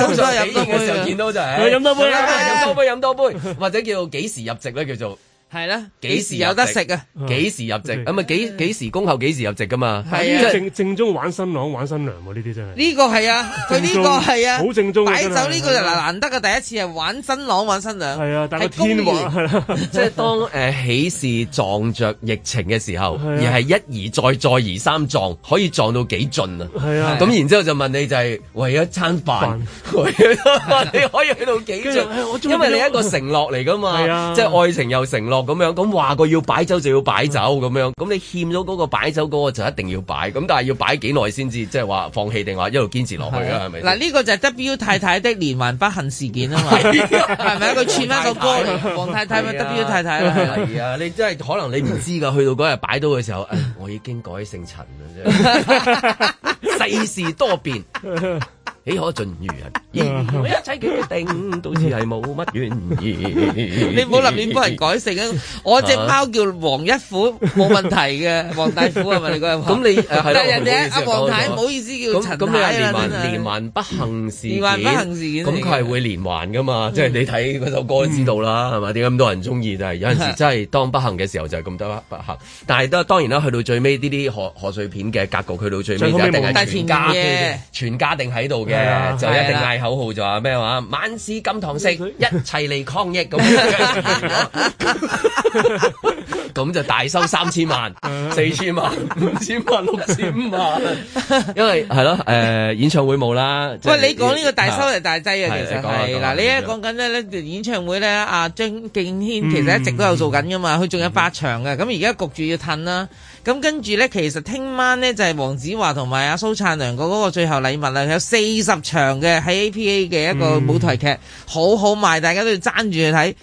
通常飲多杯嘅時候見到就係飲多杯啦，飲多杯飲多杯，或者叫幾時入席咧，叫做。係啦、啊，幾時有得食啊？幾時入席？咁啊，幾幾時恭候幾時入席㗎嘛？係啊，就是、正正宗玩新郎玩新娘喎，呢啲真係呢個係啊，佢呢、這個係啊，好正宗、啊、正宗擺酒呢個就難、啊這個、難得嘅第一次係玩新郎玩新娘，係啊，但係天皇、啊，啊啊、 即係當誒喜、呃、事撞着疫情嘅時候，而係、啊、一而再再而三撞，可以撞到幾盡啊？啊，咁、啊、然之後、後就問你就係、是、為一餐飯、飯、啊，你可以去到幾盡？因為、因為你一個承諾嚟㗎嘛，即係、啊就是、愛情又承諾。咁樣咁話過要擺酒就要擺酒咁樣，咁你欠咗嗰個擺酒嗰個就一定要擺，咁但係要擺幾耐先至，即係話放棄定話一路堅持落去啊？係咪嗱？呢、啊這個就係 W 太太的連環不幸事件啊嘛，係 咪啊？佢串翻個歌黃太太咪、啊、W 太太係啊、啊、啊、啊、啊！你真係可能你唔知噶、啊，去到嗰日擺到嘅時候，唉、啊哎，我已經改姓陳啦， 世事多變。 豈可盡如人意？一切決定到似係冇乜怨言。你唔好立亂幫人改姓啊！我隻貓叫黃一虎，冇問題嘅。黃大夫係咪你個？咁你但係人哋阿黃太唔好意思叫陳太啦。咁咁連環，連環不幸事件。咁佢係會連環㗎嘛？即係你睇嗰首歌都知道啦，係咪？點解咁多人鍾意就係有陣時真係當不幸嘅時候就係咁多不幸。但係都當然啦，去到最尾啲啲賀賀歲片嘅格局，去到最尾就一定係全家嘅全家定喺度嘅。Yeah, 就一定嗌口號，就話咩話？萬紫、啊、金堂食， 一齊嚟抗疫咁。咁 就大收三千萬、四 千萬、五 千萬、六千萬。 因為係咯，誒、呃，演唱會冇啦。喂，就是、你講呢個大收嚟大劑啊，其實係嗱。你而家講緊咧咧演唱會咧，阿、啊、張敬軒其實一直都有做緊噶嘛，佢、嗯、仲有八場嘅，咁而家焗住要褪啦。咁跟住呢，其實聽晚呢，就係、是、黃子華同埋阿蘇燦良個嗰個最後禮物啦，有四十場嘅喺 APA 嘅一個舞台劇，好、嗯、好賣，大家都要爭住去睇。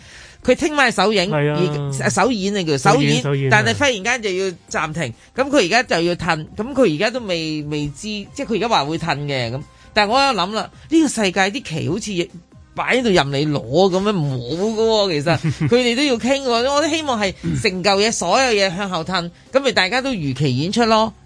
佢聽晚首映、啊，首演叫做首，首，首演，但係忽然間就要暫停。咁佢而家就要褪，咁佢而家都未未知，即係佢而家話會褪嘅咁。但係我一諗啦，呢、呢個世界啲棋好似擺喺度任你攞咁樣冇㗎喎，其實佢哋都要傾嘅喎，我都希望係成嚿嘢所有嘢向後褪，咁咪大家都如期演出咯。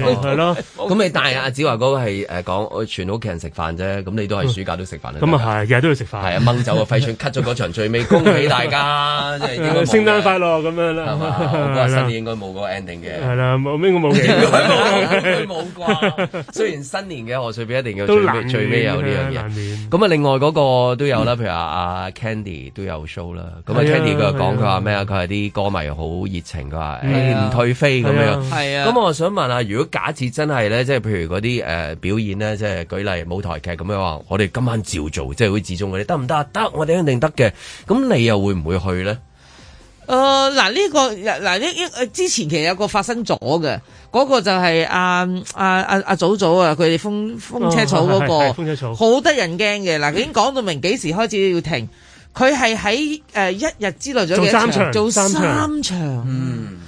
係、哦、咯，咁、嗯嗯、你大阿子華嗰個係誒講，全屋企人食飯啫，咁你都係暑假都食飯咁啊係，日、嗯、日、嗯嗯、都要食飯。係啊，掹走個廢船，cut 咗嗰場最尾，恭喜大家， 即係應該。聖誕快樂咁樣啦，係嘛？我話新年應該冇個 ending 嘅。係啦，冇咩我冇。雖然新年嘅賀歲片一定要最尾，最尾有呢樣嘢。咁啊，另外嗰個都有啦，譬如阿阿、啊、Candy 都有 show 啦、嗯。咁啊，Candy 佢又講佢話咩啊？佢係啲歌迷好熱情，佢話唔退飛咁樣。係、嗯、啊。咁我想問下，如果假設真係咧，即係譬如嗰啲誒表演咧，即係舉例舞台劇咁樣話，我哋今晚照做，即係會自忠嗰啲得唔得？得，我哋肯定得嘅。咁你又會唔會去咧？誒、呃、嗱、這個，呢個嗱呢之前其實有個發生咗嘅，嗰、那個就係阿阿阿阿祖祖啊，佢哋風風車草嗰、那個，風、哦、車草好得人驚嘅。嗱，佢、呃、已經講到明幾時開始要停，佢係喺誒一日之內做幾場，做三場。三場嗯。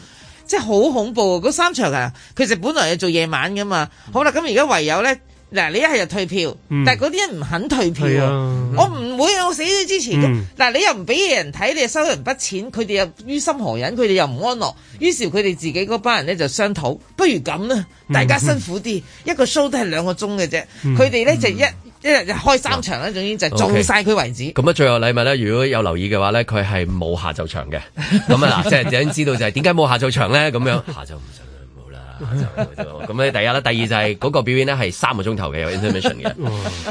即係好恐怖啊！嗰三場啊，佢哋本來要做夜晚㗎嘛。好啦，咁而家唯有呢，嗱，你一係就退票，嗯、但係嗰啲人唔肯退票啊！嗯、我唔會，我死都支持嘅。嗱、嗯，你又唔俾人睇，你又收人筆錢，佢哋又於心何忍？佢哋又唔安樂。於是佢哋自己嗰班人呢就商討，不如咁啦，大家辛苦啲、嗯，一個 show 都係兩個鐘嘅啫。佢、嗯、哋呢就一，嗯一日開三場啦，總之就做晒佢為止。咁啊，最後禮物咧，如果有留意嘅話咧，佢係冇下晝場嘅。咁啊嗱，即係已經知道就係點解冇下晝場咧？咁樣，下晝唔咁咧，第一啦，第二就係嗰個表演咧，係三個鐘頭嘅有 intermission 嘅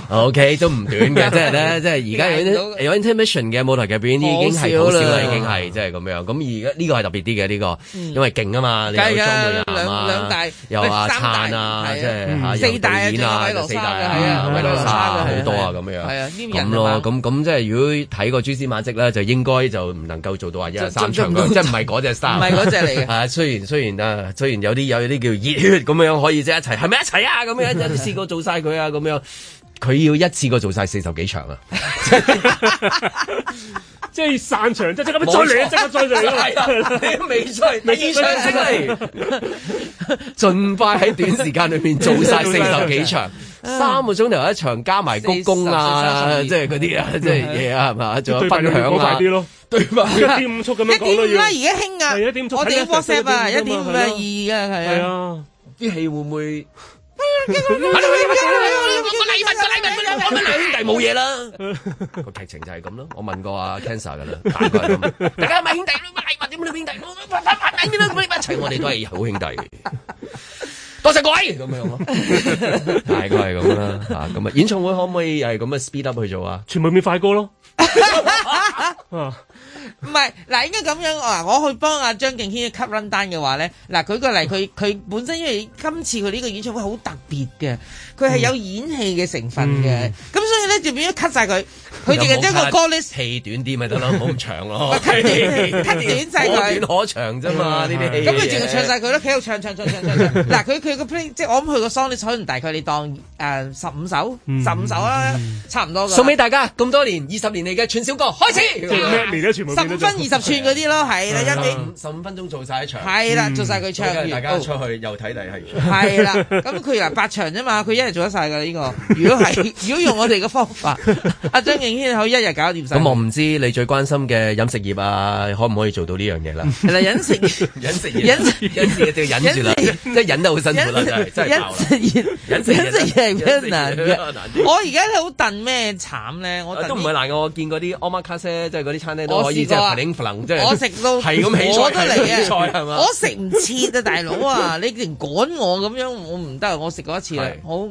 ，OK 都唔短嘅，即係咧，即係而家有 intermission 嘅舞台嘅表演已經係好少啦，已經係即係咁樣。咁而家呢個係特別啲嘅呢個，因為勁啊嘛、嗯，你有雙倍人啦，有阿撐啊，即係、啊啊就是嗯、四大演啊，朱偉羅沙、就是、啊，好、啊多，啊、多啊咁、啊啊、樣。咁咯，咁咁即係如果睇過蛛絲馬跡咧，就應該就唔能夠做到話一日三場即係唔係嗰隻三，唔係只嚟。啊，雖然雖然啊，雖然有啲有啲。叫熱血咁樣可以即係一齊，係咪一齊啊？咁樣一次過做晒佢啊！咁樣佢要一次過做晒四十幾場啊！ 即係散場，即係即刻再嚟即刻再嚟 啊！你都未出，未出，嚟。盡快喺短時間裏面做晒四十幾場， 啊、三個鐘頭一場，加埋鞠躬啊，即係嗰啲啊，即係嘢啊，係嘛？仲有分享啦啊，快啲咯，對翻一點五速咁樣，一點啦，而家興啊，我哋 WhatsApp 啊，一點五啊，二啊，係啊，啲戲會唔會？ 個禮物個禮物，我哋兩兄弟冇嘢啦。個劇情就係咁咯。我問過阿 Ken sir 噶啦，大概係咁。大家係咪兄弟？禮物點解兄弟？一齊，我哋都係好兄弟。多謝各位咁 樣咯，大概係咁啦。吓，咁啊，演唱會可唔可以係咁嘅 speed up 去做啊？全部變快歌咯。唔係嗱，應該咁樣啊。我去幫阿張敬軒吸 run down 嘅話咧，嗱舉個例，佢佢本身因為今次佢呢個演唱會好特別嘅。佢係有演戲嘅成分嘅，咁、嗯嗯、所以咧就變咗 cut 曬佢、嗯，佢就係將個歌咧氣短啲咪得咯，冇長咯。cut 短，cut 短晒佢。短，短，短，短，短可長啫嘛，呢啲氣。咁佢仲要唱晒佢咯，企喺度唱唱唱唱唱。嗱，佢佢個 play，即我諗佢個 song，你可能大概你當誒十五首，十五首啦、嗯，差唔多。送俾大家咁多年，二十年嚟嘅串燒歌，開始。即係、啊、十五分二十串嗰啲咯，係啦，一五十五分鐘做晒一場。係、嗯、啦，做晒佢唱大家出去又睇第二係。係啦，咁佢原來八場啫嘛，佢一做得晒噶啦呢個，如果係如果用我哋嘅方法，阿 張、啊、敬軒可以一日搞掂晒。咁我唔知你最關心嘅飲食業啊，可唔可以做到呢樣嘢啦？嗱， 飲食飲食業飲食飲食業就忍住啦，即係忍得好辛苦啦，真係真係爆食業食我而家好燉咩慘咧？我都唔係難嘅，我見嗰啲 oma 卡西即係嗰啲餐廳都可以即係翻領翻能，即係我食都係咁起菜嚟嘅，我食唔切啊大佬啊，你連趕我咁樣我唔得，我食過一次好。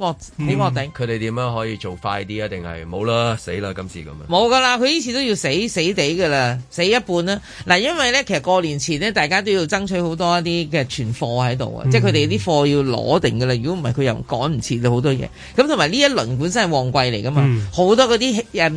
點我頂？佢哋點樣可以做快啲啊？定係冇啦，死啦！今次咁樣啊，冇噶啦，佢呢次都要死死地噶啦，死一半啦。嗱，因為咧，其實過年前咧，大家都要爭取好多一啲嘅存貨喺度啊，即係佢哋啲貨要攞定噶啦。如果唔係，佢又趕唔切到好多嘢。咁同埋呢一輪本身係旺季嚟噶嘛，好、嗯、多嗰啲誒，啲、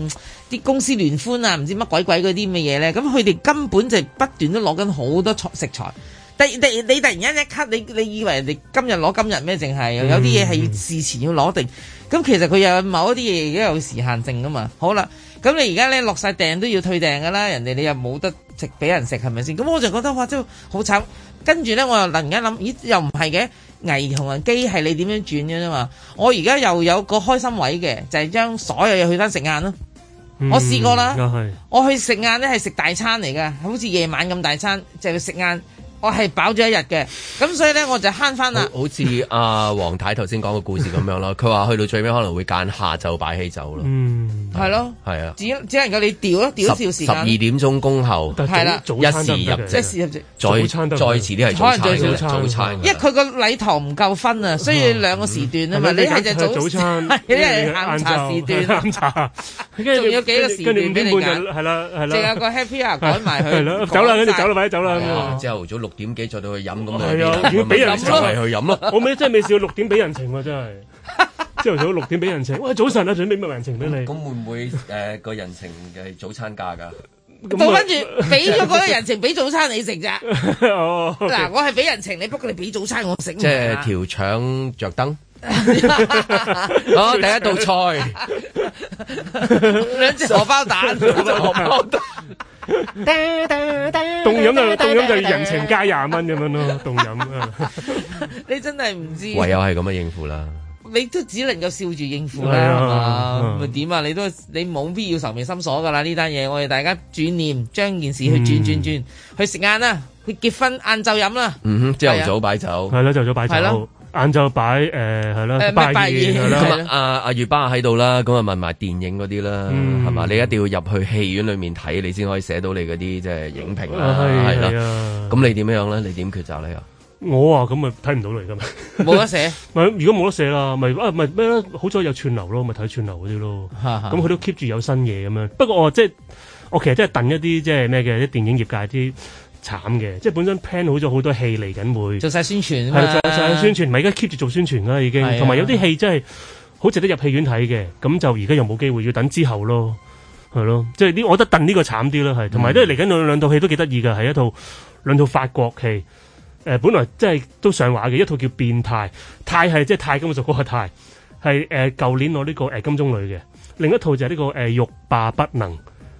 嗯、公司聯歡啊，唔知乜鬼鬼嗰啲咁嘅嘢咧。咁佢哋根本就不斷都攞緊好多材食材。第第你突然間一咳，你你以為人哋今日攞今日咩？淨係有啲嘢係事前要攞定，咁其實佢又有某一啲嘢而家有時限性噶嘛。好啦，咁你而家咧落曬訂都要退訂噶啦，人哋你又冇得食俾人食，係咪先？咁我就覺得哇，真好慘。跟住咧，我又突然間諗，咦又唔係嘅，危同人機係你點樣轉嘅啫嘛？我而家又有個開心位嘅，就係將所有嘢去翻食晏咯。我試過啦，我去食晏咧係食大餐嚟噶，好似夜晚咁大餐就係去食晏。我係飽咗一日嘅，咁所以咧我就慳翻啦。好似阿黃太頭先講個故事咁樣咯，佢 話去到最尾可能會揀下晝擺起酒咯。嗯，係、嗯、咯，係啊，只只能夠你調咯，調少時十,十二點鐘工後，係啦，一時入，即時再早再遲啲係早餐，早餐，早餐因為佢個禮堂唔夠分啊，所以兩個時段啊嘛。嗯、你係就早、嗯、早，早餐，你係下，下，下午茶時段。 下午茶，仲有幾個時段畀你揀，係啦，係啦，仲有個 Happy Hour 改埋佢。係走啦，你哋走啦，走啦。之後早六。點幾坐到去飲咁樣？係啊，要俾人情就係去飲啦。我咪真係未試過六點俾人情，真係。朝頭早六點俾人情，喂！早晨啊，準備咩人情俾你？咁會唔會誒，個人情嘅早餐價噶？就跟住俾咗嗰個人情俾早餐你食咋？嗱，我係俾人情，你不過你俾早餐我食。即係條腸着燈。哦，第一道菜。兩隻荷包蛋，荷包蛋。凍 飲就凍飲就要人情加廿蚊咁樣咯，凍飲啊！ 你真係唔知，唯有係咁樣應付啦。你都只能夠笑住應付啦，係咪點啊？你都你冇必要愁眉心鎖噶啦呢單嘢。我哋大家轉念，將件事去轉轉轉，去食晏啦，去結婚晏晝飲啦。嗯哼，朝頭早擺酒係啦，朝頭早擺酒。晏晝擺誒係啦，擺咁啊阿月巴喺度啦，咁啊就問埋電影嗰啲啦，係、嗯、嘛？你一定要入去戲院裏面睇，你先可以寫到你嗰啲即係影評啦、啊，係啦。咁你點樣咧？你點抉擇咧？我啊，咁啊睇唔到嚟噶，冇得寫。咪 如果冇得寫啦，咪咪咩好彩有串流咯，咪睇串流嗰啲咯。咁佢、嗯、都 keep 住有新嘢咁樣。不過我即係我其實即係等一啲即係咩嘅啲電影業界啲。慘嘅，即係本身 plan 好咗好多戲嚟緊會做曬宣，宣傳，係曬宣傳，唔係而家 keep 住做宣傳啦，已經。同埋有啲戲真係好值得入戲院睇嘅，咁、啊、就而家又冇機會，要等之後咯，係咯。即係我覺得鄧呢個慘啲咯，係同埋都係嚟緊兩套戲都幾得意嘅，係一套兩套法國戲，呃、本來即係都上畫嘅，一套叫變態，泰係即係泰金屬嗰個泰，係誒舊年我呢、這個、呃、金鐘女嘅，另一套就係呢、這個誒欲罷不能，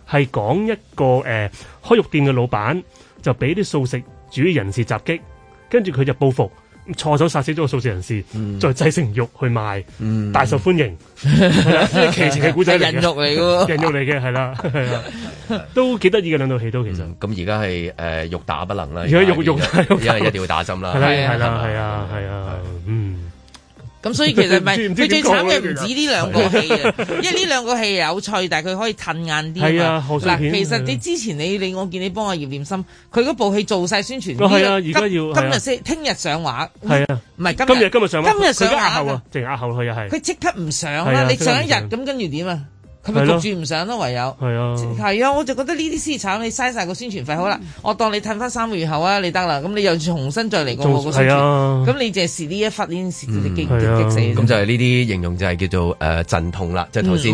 係講一個、呃、開肉店嘅老闆，就俾啲素食主義人士襲擊，跟住佢就報復，錯手殺死咗個素食人士，嗯，再製成肉去賣，嗯、大受歡迎。其、嗯、啦，呢係古仔嚟嘅， 人肉嚟嘅， 人肉嚟嘅係啦，都幾得意嘅兩套戲都其實。咁而家係肉打不能啦，而家肉肉，而家係一定要打針啦，係啦，係啦，係啊，係啊，嗯。咁、嗯、所以其實咪佢最慘嘅唔止呢兩個戲啊，因為呢兩個戲有趣，但係佢可以褪硬啲啊。係啊，嗱，其實你之前你你我見你幫阿葉念琛，佢嗰部戲做晒宣傳、這個。哦，係啊，而家要今日先，聽、啊啊、日，日，日上畫。係啊，唔係今日今日上今日上畫，押後啊，直壓後去又係。佢即刻唔上啦、啊上，你上一日咁跟住點啊？佢咪捉住唔上咯、啊，唯有係啊，係啊,啊，我就覺得呢啲私產你嘥晒個宣傳費，好啦，嗯、我當你褪翻三個月後啊，你得啦，咁你又重新再嚟過好冇先，咁、那個啊、你,你、嗯啊、就係是呢一發呢件事就驚跌激死，咁就係呢啲形容就係叫做誒陣、呃、痛啦，即係頭先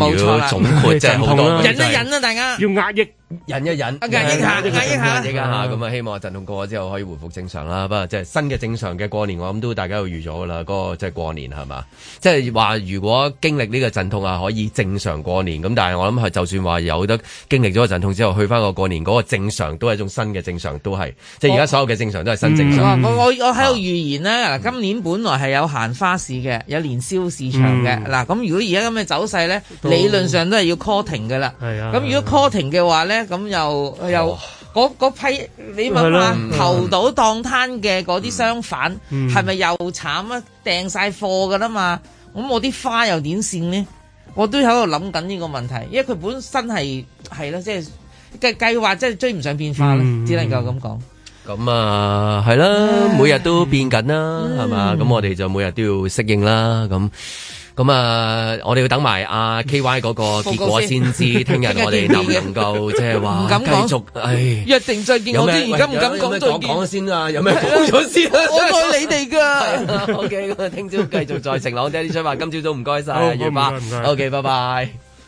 總括即係好多忍一、啊就是、忍啊，大家要壓抑。忍一忍，壓壓下，壓壓下，咁啊！嗯、希望陣痛過咗之後可以回復正常啦。嗯、不過即係新嘅正常嘅過年我諗都大家都預咗噶啦，嗰、那個即係過年係嘛？即係話如果經歷呢個陣痛啊，可以正常過年咁。但係我諗係就算話有得經歷咗個陣痛之後，去翻個過年嗰、那個正常都係一種新嘅正常，都係即係而家所有嘅正常都係新正常。我、嗯、我喺度預言呢，嗱、啊，今年本來係有行花市嘅，有年宵市場嘅。嗱、嗯，咁、啊、如果而家咁嘅走勢咧、哦，理論上都係要 call 停噶啦。咁、嗯、如果 call 停嘅話咧。嗯呢咁又又嗰嗰批你問下投到檔攤嘅嗰啲商販，係咪又慘啊？掟晒貨噶啦嘛，咁我啲花又點算呢？我都喺度諗緊呢個問題，因為佢本身係係啦，即係計計劃即係追唔上變化，只能夠咁講。咁啊，係啦，每日都變緊啦，係嘛？咁我哋就每日都要適應啦，咁。咁啊，我哋要等埋阿 K Y 嗰個結果先知，聽日我哋能唔能夠即係話繼續？唉，約定再見。有啲而家唔敢講再講先啦，有咩講咗先啦，啊。我愛你哋噶。OK，咁啊，聽朝繼續再晴朗啲啲出發，今朝早唔該晒，唔該，OK，拜拜。